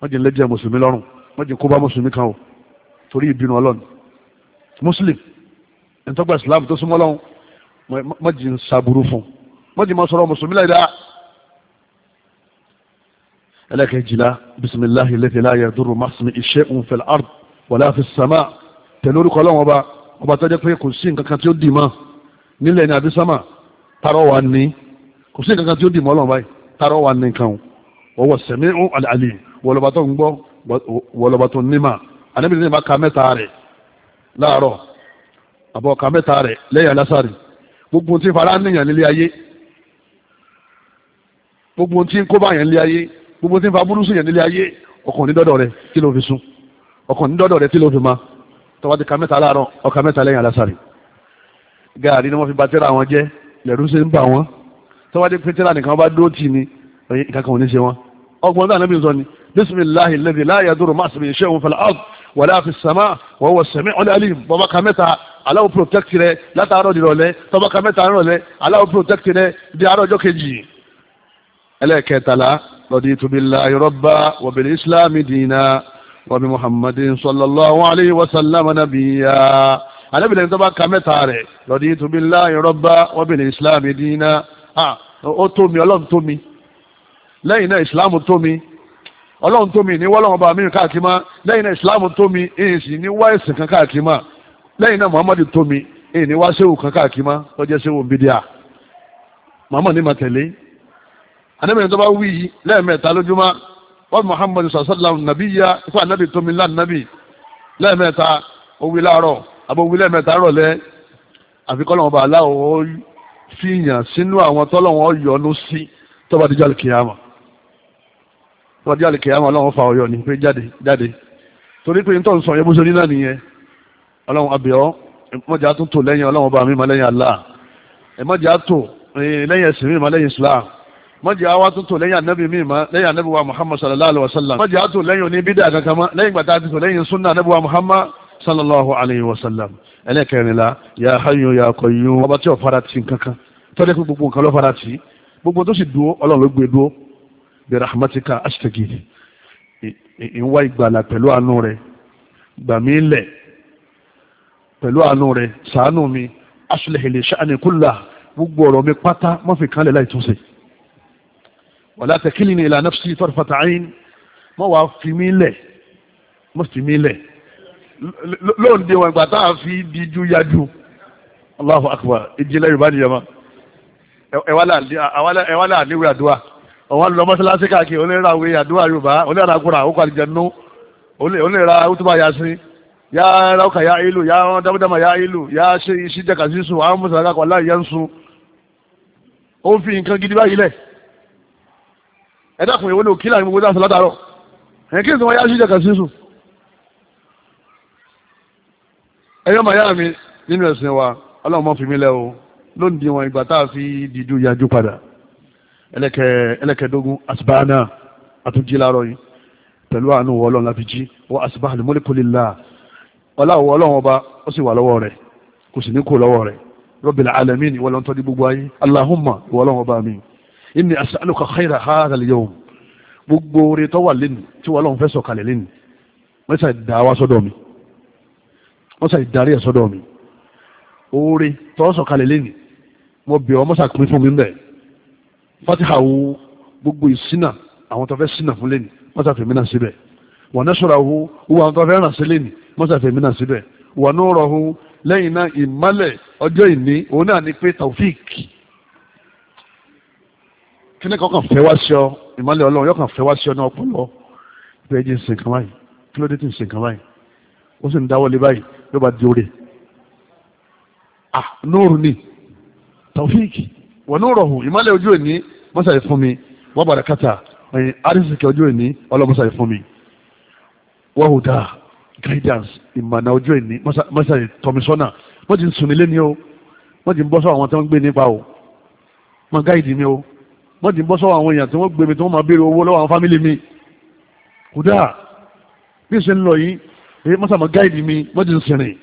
wọ́n jẹ́ lẹ́jẹ̀ mùsùlùmí lọ́rùn wọ́n jẹ́ kóbá mùsùlùmí kan o torí ìbínú ọlọ́run muslim ẹni tó gba islam tó súnmọ́ lọ́run wọ́n jẹ́ sàbúrú fún wọ́n jẹ́ máa mùsùlùmí láì dáa ẹlẹ́kẹ̀jìlá bisimilahi lẹ́tẹ̀lá yẹ nílẹ̀ ní abisama tarọ́ wa ní kò sí nǹkan tí ó dì mọ́ ọlọ́run báyìí tarọ́ wa ní nǹkan o wọ́n sẹ̀mí ń àlè wọlọ́ba tó ń gbọ́ wọlọ́ba tó nímà ànábì ní ìbá ka mẹ́ta rẹ̀ láàárọ̀ àbọ̀ ka mẹ́ta rẹ̀ lẹ́yìn alásàrì gbogbo tí fara níyàn nílé ayé gbogbo tí ń kó báyàn nílé ayé gbogbo tí ń fa burúkú yàn nílé ayé ọkàn ní dọ́dọ̀ rẹ̀ kí ló fi sùn ọkàn ní dọ́dọ̀ rẹ̀ kí ló fi ma tọ́wọ́ ti ka mẹ́ta láàárọ̀ ọkà mẹ́ta lẹ́yìn alásàrì gaari ni wọ́n fi ba tẹ́ra wọn jẹ́ lẹ́rú ṣe ń bà wọ́n tọ́wádé pé tẹ́ra nìkan bá dó tì ní kankan ò ní ṣe wọn. ọgbọ́n náà níbi sọ ni bisimilahi lẹ́dí láyà dúró máa sèmi iṣẹ́ òun fẹlẹ̀ out wàlá fi sàmà wọ́n wọ sẹ̀mí ọ̀lẹ́ alim bọ́bá ka mẹ́ta aláwọ̀ protect rẹ látàárọ̀ nírọ̀lẹ́ tọ́bá ka mẹ́ta nírọ̀lẹ́ aláwọ̀ protect rẹ di àárọ̀ kejì. ẹlẹ́kẹtàlá lọ́dí tubilahi rọ́bà wàbẹ̀lẹ̀ islámi dìínà wàbí muhammadin sallallahu alayhi wa sallam nabiyya àlẹ́bìnrin tó bá ka mẹ́ta rẹ̀ lọ́dí tóbi láàyè rọ́bà wọ́n bìnrin islam dínà ó tó mi ọlọ́run tó lẹ́yìn náà islam tó mi ọlọ́run tó mi ní wọ́lọ́run ọba mi káàkiri ma lẹ́yìn náà islam tó mi èyí sì ní wá ẹ̀sìn kan káàkiri ma lẹ́yìn náà muhammadu tó mi èyí ní wá sẹ́wù kan káàkiri ma ó jẹ́ sẹ́wù bídíà muhammadu ní ma tẹ̀lé àlẹ́bìnrin tó bá wí yìí lẹ́ẹ̀mẹ́ta lójúmọ́ wọ́n muhammadu sallallahu nàbíyá ikú ànábì tó lánàbì lẹ́ẹ̀mẹ́ta ó wí láàárọ̀ abowilẹ̀ mẹ́ta rọ̀lẹ́ àfi kọ́lọ́wọ́n bá aláwọ̀ fìyàn sínú àwọn tọ́lọ́wọ́n yọnu sí tọ́ba díjọ́ àlùkìyàmọ̀ tọ́ba díjọ́ àlùkìyàmọ̀ ọlọ́wọ́n fa ọyọ ní pé jáde jáde torí pé nítorí sọ̀rọ̀ yẹ́bùsọ nínà nìyẹn ọlọ́wọ́n abẹ́ọ́ mọ́jà tó tò lẹ́yìn ọlọ́wọ́n bá mi mọ́ lẹ́yìn Allah mọ́jà tó lẹ́yìn ẹ̀sìn mi mọ́ lẹ́yìn Islam mọ́jẹ́ àwa tó tò lẹ́yìn anábì míì mọ́ lẹ́yìn anábì wa muhammad sallallahu alayhi wa sallam mọ́jẹ́ àtò lẹ́yìn oní bídà kankan mọ́ lẹ́yìn gbàtà àti lẹ́yìn sunna anábì wa muhammad sallallahu alayhi wa sallam ẹlẹ́kẹrìnlá ya hayyu ya qayyum ọba tí ó fara ti nkankan tọ́lẹ́ pé gbogbo nǹkan ló fara ti gbogbo tó sì dúó ọlọ́run ló gbé dúó bi rahmatika ashtaghi ìwá ìgbàlà pẹ̀lú àánú rẹ̀ gbà mí lẹ̀ pẹ̀lú àánú rẹ̀ sàánú mi aslih li sha'ni kullah gbogbo ọ̀rọ̀ mi pátá má fi kan lẹ̀ láì túnṣe wala takilni ila nafsi tarfata ayn má wàá fi mí lẹ̀ má fi mí lẹ̀ lóǹde wọn ìgbà tá a fi díjú yájú Allahu akbar ìjìnlẹ̀ yorùbá nìyẹn ma ẹ̀wá là níwèé àdúrà ọ̀wọ́n lọ mọ́sálásí káàkiri oníra àwẹ̀ àdúrà yorùbá oníra àkúrà ó kàlí jẹnu oníra útúbà yasin ya rauka ya ilu ya dámdámà ya ilu ya ṣe iṣẹ́ jẹ́ kàṣíṣù àwọn mùsùlùmí kọ̀ láì yẹn sun ó fi nǹkan gidi báyìí lẹ̀ ẹ dákun ìwé ní òkìlà ní gbogbo dáhùn látàrọ̀ ẹ̀ kí ni wọ́n yá ṣe jẹ́ kàṣíṣù ẹ̀yọ́ màyá mi nínú ẹ̀sìn wa ọlọ́run mọ́ fi mí lẹ́ o lónìí wọn ìgbà tá a fi dìdú yájú padà ẹlẹ́kẹ̀ẹ́dógún asibáná àtúnjí láàárọ̀ yìí pẹ̀lú àánú wọ ọlọ́run láti jí wọ asibáhàlì mọ́lẹ́kọ́lélá ọláwọ̀ ọlọ́run ọba ó sì wà lọ́wọ́ rẹ̀ kò sì ní kó lọ́wọ́ rẹ̀ rabbil alamin ìwọ lọ́n tọ́jú gbogbo ayé allahumma ìwọ ọlọ́run ọba mi inni as'aluka khayra hadha al-yawm gbogbo oore wà lẹ́nu tí wọ́n lọ́n fẹ́ sọ̀kalẹ̀ lẹ́nu mẹ́sà mi wọ́n sàì darí ẹ̀ sọ́dọ̀ mi oore tọ́sọ̀ kalẹ̀ lẹ́nu mo bẹ̀ ọ́ mọ́sà pín fún mi mbẹ́ fatiha wo gbogbo ìṣínà àwọn tó fẹ́ ṣínà fún lẹ́nu mọ́sà fèmí náà síbẹ̀ wọ́n náà sọ̀rọ̀ wo wo àwọn tó fẹ́ ràn sí lẹ́nu mọ́sà fèmí náà síbẹ̀ wọ́n náà rọ̀ wo lẹ́yìn náà ìmálẹ̀ ọjọ́ ìní òun náà ni pé taofik kíní kan fẹ́ wá sí ọ ìmálẹ̀ ọlọ́run yóò kàn fẹ́ wá sí ọ náà ọpọlọ ìgbẹ́jì ń sìn kan báyìí kí tí ń sìn kan báyìí ó sì ń dáwọ́lé báyìí ló bá di orí ah nóòrù ni tàwíìkì wọnú rọ̀hù ìmọ̀lẹ̀ ojú òní mọ́sàáyé fún mi wọ́n bàrẹ̀ kàtà ẹ̀yìn arísìkì ojú òní ọlọ́mọ́sàáyé fún mi wọ́n hù dáa guidance ìmọ̀nà ojú òní mọ́sàáyé tọ̀mísọ́nà wọ́n ti ń sùn nílé ni o wọ́n ti ń bọ́ sọ́wọ́ àwọn tí wọ́n ń gbé nípa o wọ́n gáìdì mi o wọ́n ti ń bọ́ sọ́wọ́ àwọn èèyàn tí wọ́n gbé mi tí wọ́n máa béèrè owó lọ́wọ́ àwọn fámìlì mi kódà bí ṣe ń lọ yìí èyí mọ́sàmọ́ gáìdì mi mọ́tì sìnrìn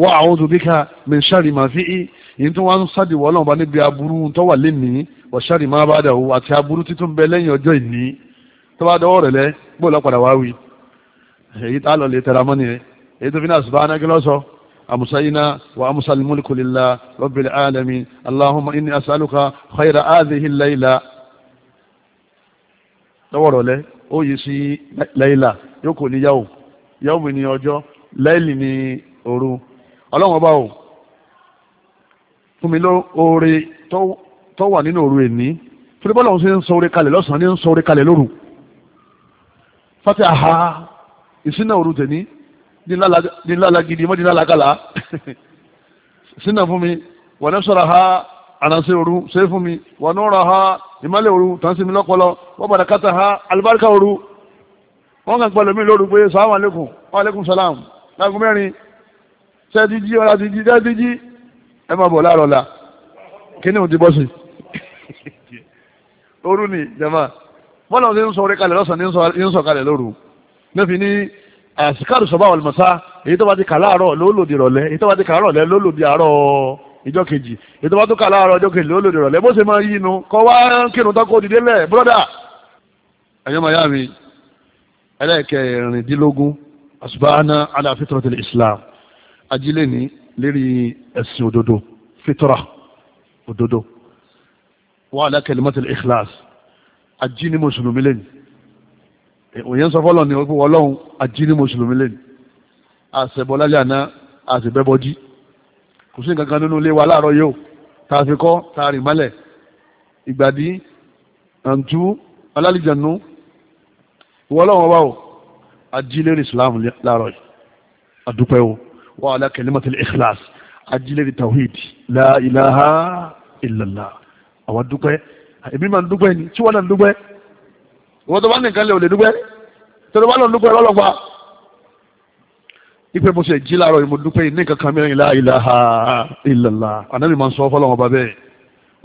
wọ́n àwọn òdòdíkà mi ṣáàrì máa fi í èyí tí wọ́n ń sáàdì wọ́n náà bá níbi aburú tó wà lénìí wọ́n ṣáàrì máa bá dàwó àti aburú títún bẹ lẹ́yìn ọjọ́ ìní tó bá dọwọ́ rẹ̀ lẹ́ bó lọ padà wáwí èyí tá lọ lè tẹ̀ra mọ́ nìyẹn èyí tó fi náà sùpá anágẹ́lọ́sọ أمسينا وأمسى Alamin. Allahumma inni as'aluka اللهم إني أسألك خير هذه الليلة تورو لي أو يسي ليلة يكون يوم yọ́ọ̀mù ni ọjọ́ láìlì ni òru ọlọ́run ọba o fún mi lóore tó wà nínú òru èní torí bọ́lá òun ṣe ń sọ orí kalẹ̀ lọ́sàn-án ní ń sọ orí kalẹ̀ lóru fati aha ìsínà òru tèmi ní ńlá lagidi mọ́ ní ńlá lagala sínà fún mi wọ́n ní sọ̀rọ̀ ha ànàsí òru ṣe fún mi wọ́n ní ọ̀rọ̀ ha ìmọ̀lẹ̀ òru tàǹsí mi lọ́pọ̀lọ́ wọ́n bàdàkátà ha alibarika òru wọ́n kàn pẹ̀lú mi lóru pé salamu aleykum wa aleykum salam lágùn mẹ́rin sẹ́ẹ̀tì jí ọ̀la ti jí sẹ́ẹ̀tì jí ẹ máa bọ̀ láàrọ̀ la kíní ò ti bọ́ sí i [laughs] òru ni jama bọ́lá ọ̀sẹ̀ ń sọ orí kalẹ̀ lọ́sàn-án ní ń sọ kalẹ̀ lóru nífi ní àsìkárù sọ̀bá ọ̀lùmọ̀sá èyí tó bá ti kà láàárọ̀ ló lòdì rọ̀lẹ́ èyí tó bá ti kà rọ̀lẹ́ ló lòdì àárọ̀ ìjọ kejì èyí tó bá tó kà láàárọ̀ ọjọ́ kejì ló rọ̀lẹ́ bó ṣe máa yí inú kọ́ wá kírun tán kó dìde lẹ̀ búrọ́dà ẹ̀yọ́ màyá mi ẹlẹ́ẹ̀kẹrìndínlógún asubahana ala fitratil islam ajílẹ̀ ní lérí ẹ̀sìn òdodo fitra òdodo wa ala kalimatil ikhlas ají ní mùsùlùmí lẹ́yìn òyìn sọ fọlọ ní ọgbọ Ọlọ́run ají ní mùsùlùmí lẹ́yìn àṣẹbọlálẹ àná àṣẹbẹbọjí kò sí nǹkan kan nínú ilé wa láàárọ̀ yóò tá a fi kọ́ tá rìn mọ́lẹ̀ ìgbàdí àǹtú alálìjànú ìwọ ọlọ́wọ́n wá o ajílẹ̀rì islam láàárọ̀ yìí adúpẹ́ o wà á lákẹ́ nímọ̀ tẹ́lẹ̀ ikhlas ajílẹ̀rì tawhid la ilaha illallah àwọn adúpẹ́ èmi máa ń dúpẹ́ ni tí wọ́n náà ń dúpẹ́ ìwọ́n tó bá ní nǹkan lè ò lè dúpẹ́ tọ́lọ́ bá lọ dúpẹ́ lọ́lọ́pàá ipe mo ṣe jí láàárọ̀ ìmọ̀ dúpẹ́ ní nǹkan kan mìíràn la ilaha illallah anábì máa ń sọ fọlọ́wọ́n bá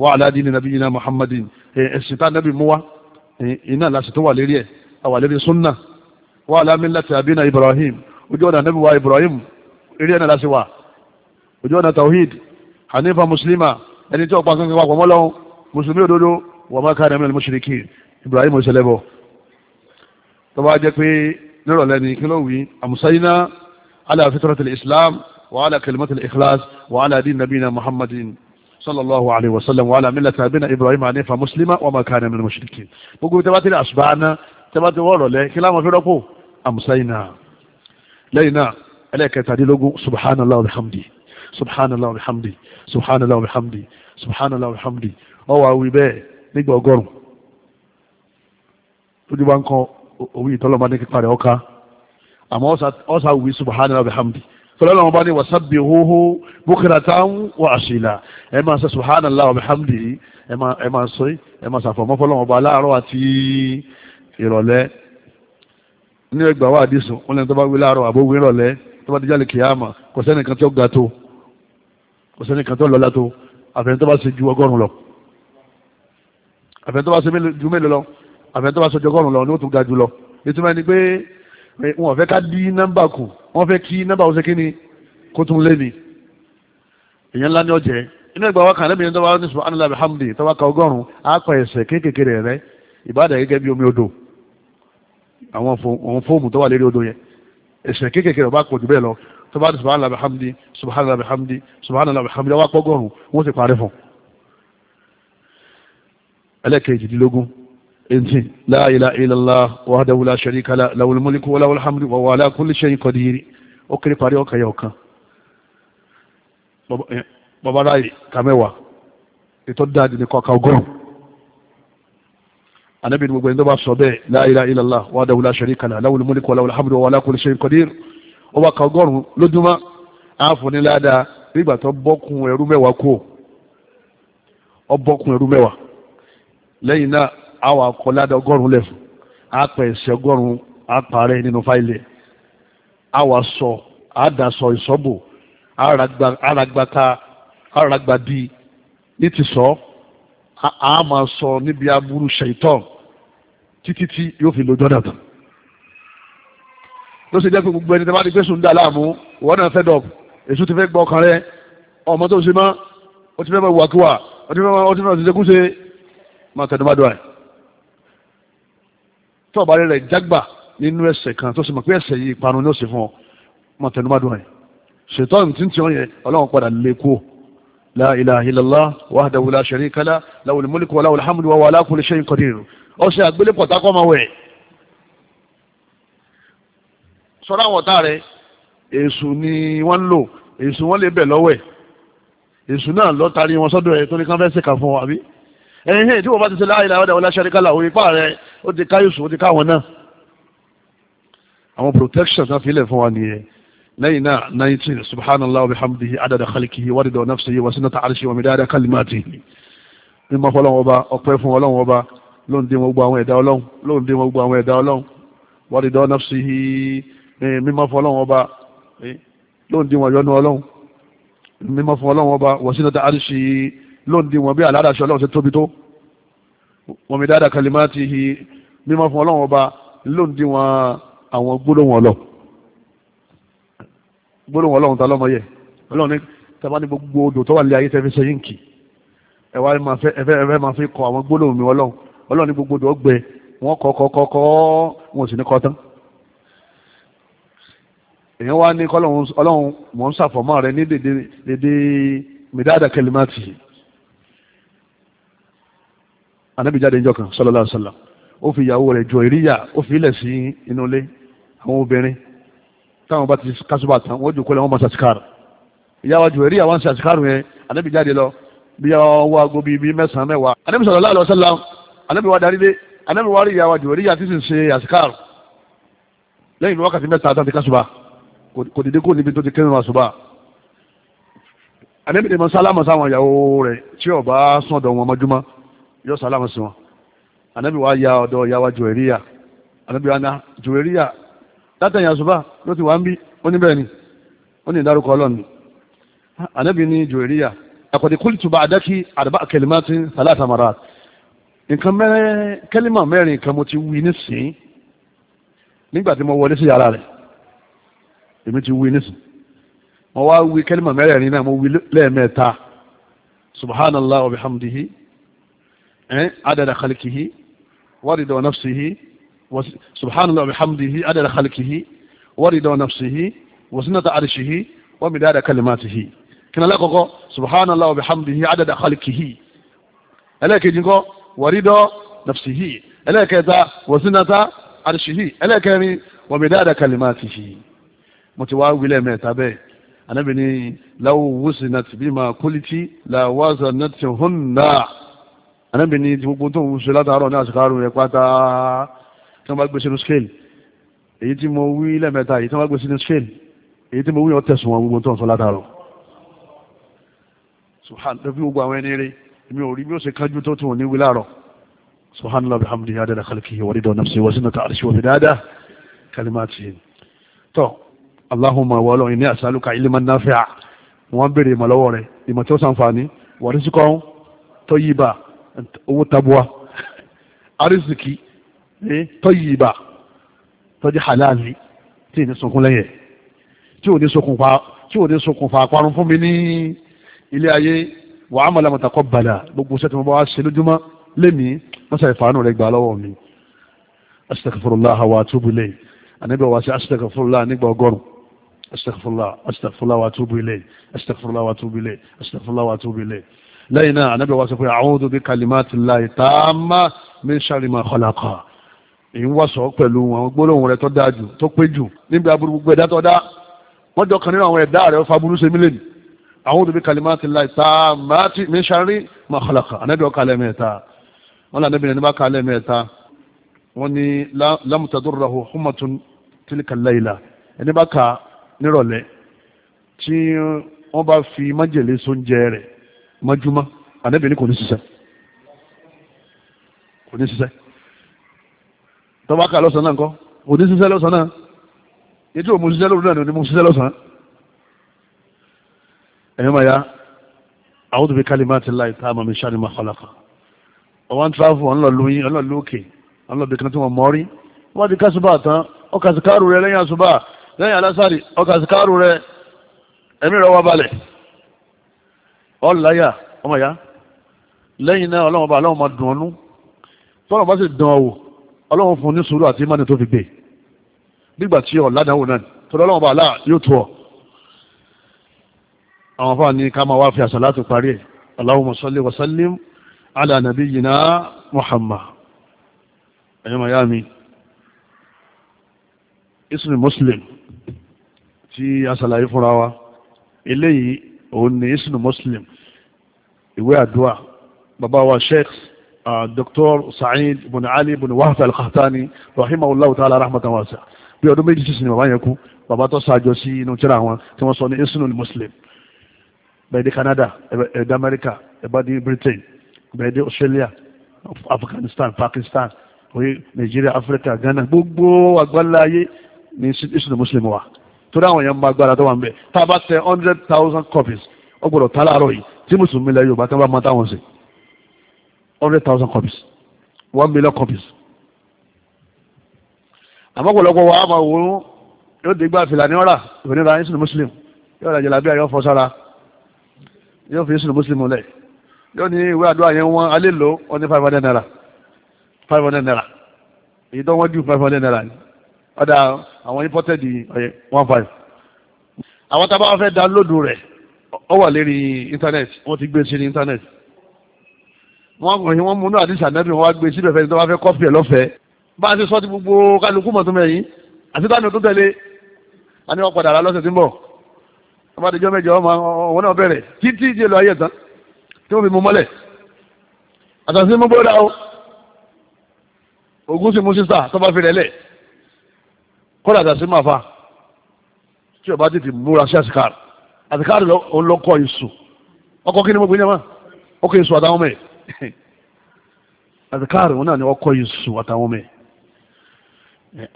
wà á nàbí yìí náà muhammadin ẹ̀sìn tá nàbì mú wa iná làṣẹ tó wà lérí ẹ̀ àwa lórí súnà wa ala millati abina ibrahim ojú ọ̀nà ànábì wa ibrahim eré ẹ̀nà láti wà ojú ọ̀nà tawhid hanifa muslima ẹni tí ọ̀pá kankan wàpọ̀ mọ́lọ́hún mùsùlùmí òdodo wa ma kana minal mushrikin ibrahim ọ̀sẹ̀lẹ̀bọ̀ tó bá jẹ́ pé nírọ̀lẹ́ ni kí ló ń wí àmùsáyínà ala fitratil islam wa ala kalimatil ikhlas wa ala din nabina muhammadin sallallahu alayhi wa sallam wa ala millati abina ibrahim hanifa muslima wa ma kana minal mushrikin gbogbo tí a bá tẹ́bá ti wọ́ọ̀rọ̀ lẹ kí láwọn fi rọ́pò àmùsáyìnà lẹ́yìn náà ẹlẹ́kẹtàdínlógún subhanallah alhamdi subhanallah alhamdi subhanallah alhamdi subhanallah alhamdi ọwọ́ awi bẹ́ẹ̀ nígbà ọgọ́rùn tójú bá ń kọ òwe ìtọ́lọ́mọ ní kíkpa rẹ̀ ọ̀ka àmọ́ ọ̀sà wí subhanallah alhamdi tọ́lọ́nà wọn bá ní wasabi hóhó bukratan wa asila ẹ máa sọ subhanallah wa bihamdi ẹ máa sọ ẹ máa sàfọ̀mọ́ fọlọ́wọ́n bá láàárọ̀ àti ìrọ̀lẹ́ ní ẹgbà wà àdìsùn wọn lẹ́nu tó bá wí láàárọ̀ àbówí ìrọ̀lẹ́ tó bá dijálè kìyàmà kò sẹ́nìkan tó ga tó kò sẹ́nìkan tó lọ́lá tó àfẹ́ni tó bá ṣe ju ọgọ́rùn lọ àfẹ́ni tó bá ṣe ju mélòó lọ àfẹ́ni tó bá ṣe ju ọgọ́rùn lọ ni ó tún ga jù lọ ìtumọ̀ ni pé eh, wọn fẹ́ ká dí nọ́mbà kù wọ́n fẹ́ kí nọ́mbà ó ṣe kí ni kó tún lé ni èèyàn ńlá ní ọ̀jẹ̀ inú ẹgbàá wa kàn lẹ́mìí tó bá ní subhanallahi bihamdi tó bá ka ọgọ́rùn-ún á pa ẹ̀ṣẹ̀ kéékèèké rẹ̀ àwọn fóòmù tó wà lérí odò yẹn ẹ̀sìn kéékèèké rẹ̀ bá pọ̀ jù bẹ́ẹ̀ lọ tó bá ti subhanallah bihamdi subhanallah bihamdi subhanallah bihamdi wá pọ́gọ́rùn wọ́n ti parí fún. ẹlẹ́kẹ̀ẹ́jìdínlógún ẹ̀ǹtì la ilaha illallah wahdahu la sharika lahu lahul mulku wa lahul hamdu wa huwa ala kulli shay'in qadir ó kéré parí ọkà yẹ ọ̀kan. bàbá ráyè kàmẹ́wàá ètò dáadé ní kọ́ka ọgọ́rùn-ún anabi ni gbogbo ẹni tó bá sọ bẹ́ẹ̀ la ilaha illallah wahdahu la sharika lahu lahul mulku wa lahul hamdu wa ala kulli shay'in qadir ó bá ka ọgọ́rùn-ún lójúmọ́ àáfòní ládàá nígbà tó bọ́kùn ẹrú mẹ́wàá kú ọ bọ́kùn ẹrú mẹ́wàá lẹ́yìn náà àwọn akọ ládàá ọgọ́rùn-ún àpẹ ẹ̀sẹ̀ ọgọ́rùn àpàrẹ nínú fáìlì àwọn aṣọ àdàsọ ìsọ́bù àràgbà ká ní ti sọ ọ́ a máa sọ níbi aburú ṣèitán títí tí yóò fi lójọ́ dàtàn ló ṣe jẹ́ pé gbogbo ẹni tí wọ́n ti gbé sùn dà láàmú wọ́n náà fẹ́ dọ̀bù èso ti fẹ́ gbọ́ ọkàn rẹ ọmọ tó ṣe mọ́ ó ti fẹ́ mọ́ ìwàkiwà ó ti fẹ́ mọ́ ó ti fẹ́ mọ́ ṣiṣẹ́kúṣe máa tẹnu bá dùn ẹ̀ tó ọ̀bá rẹ̀ jágbà nínú ẹsẹ̀ kan tó sì mọ̀ pé ẹsẹ̀ yìí ìparun ni ó sì fún ọ máa tẹnu bá dùn ṣètọ́ la ilaha illallah wahdahu la sharika lah lahul mulku wa lahul hamdu wa huwa ala kulli shay'in qadir ọṣẹ àgbélépọ̀ tákọ́ máa wẹ̀ sọ́dọ̀ àwọn ọ̀tá rẹ̀ èṣù ni wọ́n ń lò èṣù wọ́n lè bẹ̀ lọ́wẹ̀ èṣù náà lọ tari wọn sọ́dọ̀ ẹ̀ tó ní kán fẹ́ ṣèkà fún wọn àbí ẹ̀yìn hẹ́n tí wọ́n bá ti ṣe la ilaha wahdahu la sharika lah òye pa rẹ̀ ó ti ká yóò sùn ó ti ká wọn náà àwọn protection náà fi lẹ̀ fún wa nìyẹn lẹ́yìn náà nineteen subhanallah wa bihamdihi adada khalikihi wa ridọ nafsihi wa sinata arshi wa midada kalimati mímọ́ fọlọ́wọ́n ọba ọpẹ́ fún ọlọ́wọ́n ọba lóun dín gbogbo àwọn ẹ̀dá ọlọ́run lóun dín gbogbo àwọn ẹ̀dá ọlọ́run wa ridọ nafsihi mímọ́ fọlọ́wọ́n ọba lóun dín wọn yọnu ọlọ́run mímọ́ fún ọlọ́run ọba wa sinata arshi lóun dín wọn bí aládàṣọ ọlọ́run ṣe tóbi tó wa midada kalimatihi mímọ́ fún ọlọ́run ọba lóun dín wọn àwọn gbólóhùn ọlọ́run gbólóhùn ọlọ́run ta lọ́mọ yẹ ọlọ́run ní tẹ́bá ní gbogbo odò tó wà lé ayé tẹ́fẹ́ ṣe yín kì ẹ̀wá ẹ̀fẹ́ máa fi kọ àwọn gbólóhùn mi ọlọ́run ọlọ́run ní gbogbo odò ọgbẹ wọn kọ kọ kọ kọ wọn sì ní kọ tán èèyàn wá ní kọ́lọ́hún ọlọ́run mọ̀ ń ṣàfọ̀mọ́ rẹ ní dèdè dèdè mìdáàdà kẹlímàtì anábìjáde ìjọ kan sallallahu alaihi wasallam ó fi ìyàwó rẹ̀ jọ ìríyà ó fi ilẹ̀ sí inú ilé àwọn obìnrin táwọn bá ti kásùbà tán wọ́n jòkó lẹ́wọ́n máa ṣàṣìkàrù ìyá wa jù ẹ̀rí àwọn ṣàṣìkàrù yẹn anábì jáde lọ bí ọwọ́ aago bíi bíi mẹ́sàn-án mẹ́wàá anábì sallallahu alaihi wasallam anábì wa darí dé anábì wa rí ìyá wa jù ẹ̀rí àti sì ṣe àṣìkàrù lẹ́yìn wákàtí mẹ́ta àtàntí kásùbà kò dìde kó níbi tó ti kẹ́rin àṣùbà anábì dèmọ sálámà sáwọn ìyàwó rẹ̀ tí ó sún ọ̀dọ̀ wọn mọ́júmọ́ yóò sálámà sí wọn anábì wa ya ọ̀dọ̀ ìyá wa jù ẹ̀rí látẹ̀yìn àṣùbà ló ti wà ń bí ó níbẹ̀ ni ó ní ìdárúkọ ọlọ́run ànábì ní jòhìríyà àkọ́dé kúlìtù bá adákí àdàbà kẹlìmátì sàlátà mara nǹkan mẹ́rin kẹlìmà mẹ́rin kan mo ti wí nísìn nígbà tí mo wọlé sí yàrá rẹ̀ èmi ti wí nísìn mo wá wí kẹlìmà mẹ́rin náà mo wí lẹ́ẹ̀mẹ́ta subhanallah wa bihamdihi eh, adada khalikihi wa nafsihi subhanallah wa bihamdihi adada khalqihi wa rida nafsihi wa zinata arshihi wa midada kalimatihi kí ni alákọ̀ọ́kọ́ subhanallah wa bihamdihi adada khalqihi ẹlẹ́ẹ̀kejì ńkọ́ wa rida nafsihi ẹlẹ́ẹ̀kẹta wa zinata arshihi ẹlẹ́ẹ̀kẹrin wa midada kalimatihi mo ti wá wílẹ̀ mẹ́ta bẹ́ẹ̀ anabi ni lawo wusinat bima kuliti la wazanat hunna anabi ni gbogbo tó ń ṣe látàárọ̀ ní àsìkò àrùn yẹn pátá tí wọ́n bá gbé sínú scale èyí tí mo wí lẹ́mẹ̀ta èyí tí wọ́n bá gbé sínú scale èyí tí mo wí ọ̀tẹ̀sùn wọn gbogbo tó ń sọ látàrọ̀ subhanallah fi gbogbo àwọn wa ridọ nafsi wa sinata arisi wa bidada kalimati tọ allahumma ìmọ̀ lọ́wọ́ rẹ̀ ìmọ̀ tí ó sànfàní wà tó yí owó tabuwa [laughs] arísìkì tọ́yì ìbà tọ́jú halali tí ò ní sunkún lẹ́yìn tí ò ní ṣokùnfà tí ò ní ṣokùnfà parun fún mi ní ilé ayé wà á mọ̀lá mọ̀tàkọ́ bàlà gbogbo sẹ́tì mo bá wá ṣe lójúmọ́ lémi mọ́sá ìfàánù rẹ̀ gbà lọ́wọ́ mi astaghfirullah wa atubu ilayhi àníbẹ̀ wá sí astaghfirullah nígbà ọgọ́rùn astaghfirullah astaghfirullah wa atubu ilayhi astaghfirullah wa atubu ilayhi astaghfirullah wa atubu ilayhi lẹ́yìn náà àníbẹ̀ wá sọ pé a'udhu bi kalimatillahi tamma min sharri ma khalaqa èyí ń wàsọ pẹ̀lú àwọn gbólóhùn rẹ tó dáa jù tó pé jù níbi aburú gbogbo ẹ̀dá tó dá wọ́n jọ kàn nínú àwọn ẹ̀dá rẹ fa burú sẹ́mi lẹ́nu àwọn òdòdó kalimá ti la ìta màátì mi sáré màkàlàkà ànábì ọ̀ka lẹ́mẹ̀ẹ́ta wọ́n lànà ìbìnrin nípa ká lẹ́mẹ̀ẹ́ta wọ́n ní lámùtàdúrọ̀hù húmọ̀tún tìlíkàláìlà ẹni bá ka nírọ̀lẹ́ tí wọ́n bá fi májèlé sóúnjẹ rẹ̀ mọ́júmọ́ ànábì ní kò ní ṣiṣẹ́ kò ní ṣiṣẹ́ tọ́ba kà lọ́sàn náà ńkọ́ òní ṣiṣẹ́ lọ́sàn náà ètò òmù ṣiṣẹ́ lóru náà ni òní mú ṣiṣẹ́ lọ́sàn. ẹ̀yin máa ya a'udhu bi kalimatillahi tammati min sharri ma khalaqa ọwọ́ ń tíráfù ọ̀n lọ lóyún ọ̀n lọ lókè ọ̀n lọ bìkan tí wọ́n mọ́ rí wọ́n ti kásùbà tán ọkà síkáàrù rẹ lẹ́yìn àṣùbà lẹ́yìn alásàrì ọkà síkáàrù rẹ ẹ̀mí rẹ wá balẹ̀ ọ̀láyà ọmọ ya lẹ́yìn náà ọlọ́mọba ọlọ́run fún ní sùúrù àti ìmánì tó fi gbé nígbà tí ọ̀ ládàáwò náà tọ́lọ́ ọlọ́run bá aláà yóò tó ọ àwọn afáà ní ká máa wá fi àṣà láti parí ẹ̀ Allahumma salli wa sallim ala Muhammad ẹ̀yọ́ mayami ismi muslim tí a fúnra wa eléyìí òun ni ismi muslim ìwé àdúrà bàbá wa sheikh Dr. Sa'id ibn Ali ibn Wahab al-Qahtani rahimahullahu ta'ala rahmatan wasi'a bí ọdún méjì sísìn bàbá yẹn kú bàbá tó ṣàjọ sí inú tíra wọn tí wọ́n sọ ní Isnul Muslim bẹ̀ẹ́dẹ́ Canada ẹ̀dẹ́ America ẹ̀bádìí Britain bẹ̀ẹ́dẹ́ Australia Afghanistan Pakistan oye Nigeria Africa Ghana gbogbo àgbálá ayé ní Isnul Muslim wa torí àwọn èèyàn máa gbára tó wà ń bẹ̀ tá a bá tẹ hundred thousand copies ó gbọ́dọ̀ tá láàárọ̀ yìí tí mùsùlùmí lẹ́yìn Yorùbá tí wọ́n bá máa táwọn sìn hundred thousand copies one million copies àmọ́pọ̀lọpọ̀ wa máa wò ó yóò dé gbà fìlà ní ọ̀rà ìfẹ̀nira ìsìn muslim yóò rà jàlábíà yóò fọ́ sára yóò fi ìsìn muslim lẹ̀ yóò ní ìwé àdúrà yẹn wọ́n alẹ́ lò ó ní five hundred naira five hundred naira èyí tó wọ́n ju five hundred naira ni ọ̀dà àwọn imported ọ̀yẹ́ one five àwọn tábà wọn fẹ́ download rẹ̀ ó wà lérí internet wọ́n ti gbé e sí ní internet wọ́n ní wọ́n mú náà àdìsá nẹ́bí wọn wá gbé síbẹ̀ fẹ́ni tó bá fẹ́ kọ́pì ẹ̀ lọ́fẹ̀ẹ́ bá a ṣe sọ́ ti gbogbo kálukú mọ̀ tó mẹ́yìn àti táwọn tó tẹ̀lé a ní wọ́n padà rà lọ́sẹ̀ tí ń bọ̀ wọ́n bá dijọ́ mẹ́jọ wọn náà bẹ̀rẹ̀ títí ìdí èlò ayé tán tí wọ́n fi mú mọ́lẹ̀ àtàǹsí mú bóyá o ogun sì mú sísà tó bá fi rẹ̀ lẹ̀ kọ́dà àtàǹsí máa fa tí o bá tètè múra sí àsìkáàrù àsìkáàrù ló ń lọ́kọ̀ ìsù ọkọ̀ kí ni mo gbé àdìkáàrì [laughs] wọn náà ni ọkọ yìísù àtàwọn ọmọ ẹ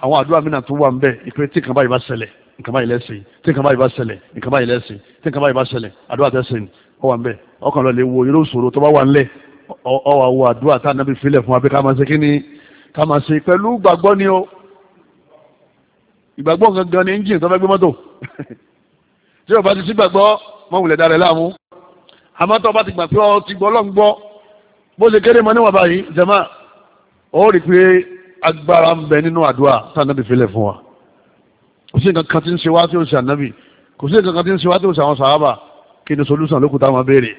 àwọn àdúrà mìíràn tó wà ń bẹ ìpè tí nǹkan báyìí bá ṣẹlẹ̀ nǹkan báyìí lẹ́sìn tí nǹkan báyìí bá ṣẹlẹ̀ nǹkan báyìí lẹ́sìn tí nǹkan báyìí bá ṣẹlẹ̀ àdúrà tẹ̀sìn ọ wà ń bẹ ọkàn lọ lè wo irú ìṣòro tó bá wà ńlẹ̀ ọ wà wo àdúrà tá ànábì filẹ̀ fún wa pé ká máa ṣe kí ká máa ṣe pẹ̀lú gbàgbọ́ ni o ìgbàgbọ́ gangan ni engine tó fẹ́ gbé mọ́tò [laughs] tí o bá ti sí gbàgbọ́ mọ́wùlẹ̀ dára o bá ti gbà pé ọ ti bó ṣe kéré mọ́ níwọ̀n báyìí jẹ́mà ó rí pé agbára ń bẹ nínú àdúrà tánàbì filẹ̀ fún wa kò sí nǹkan kan tí ń ṣe wá tí ó ṣe ànábì kò sí nǹkan kan tí ń ṣe wá tí ó ṣe àwọn sàhábà kí ni solúsàn ló kù táwọn abéèrè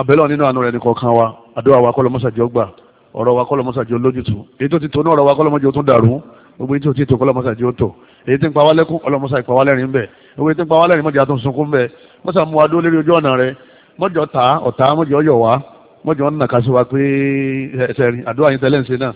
abẹ́lọ́ nínú àánú rẹ̀ ní kọ̀ọ̀kan wa àdúrà wa kọ́ lọ́mọ́sàjì ọgbà ọ̀rọ̀ wa kọ́ lọ́mọ́sàjì olójútu èyí tó ti tó náà ọ̀rọ̀ wa kọ́ lọ́mọ́sàjì ó tún dàrú gbogbo èyí tó ti tó kọ́ lọ́mọ́sàjì ó tò èyí tí ń pa wá lẹ́kún ọlọ́mọ́sàjì pa wá lẹ́rìn bẹ́ẹ̀ gbogbo èyí tí ń pa wá lẹ́rìn mọ́jà tó ń sunkún bẹ́ẹ̀ mọ́sàmú wa dó lérí ojú ọ̀nà rẹ̀ mọ́jọ ta ọ̀tá mọ́jọ yọ̀ wá mọ́jọ́ ń nàka sí wa pé ẹsẹ̀rin àdúrà yín tẹ́lẹ̀ ń ṣe náà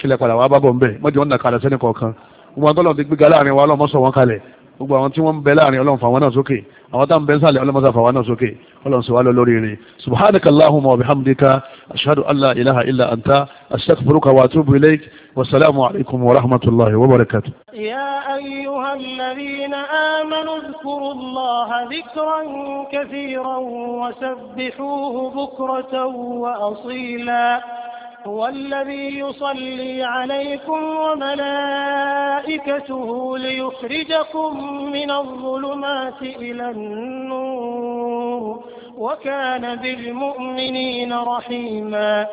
kílẹ̀ padà wàá bábọ̀ ńbẹ̀ mọ́jọ́ ń nàka lẹ́sẹ̀ nìkọ̀ọ̀kan gbogbo àwọn tọ́lọ̀ ti gbéga láàrin wa ọlọ́mọ sọ wọn kalẹ̀ gbogbo àwọn tí wọ́n ń bẹ láàrin ọlọ́run fà wọn náà sókè àwọn táwọn ń sàlẹ̀ ọlọ́mọ sàfà náà sókè ọlọ́run sọ wá lọ lórí rẹ̀ subhanakallahumma wa bihamdika ashhadu an la ilaha illa anta astaghfiruka wa atubu ilayk والسلام عليكم ورحمة الله وبركاته يا أيها الذين آمنوا اذكروا الله ذكرا كثيرا وسبحوه بكرة وأصيلا هو الذي يصلي عليكم وملائكته ليخرجكم من الظلمات إلى النور وكان بالمؤمنين رحيما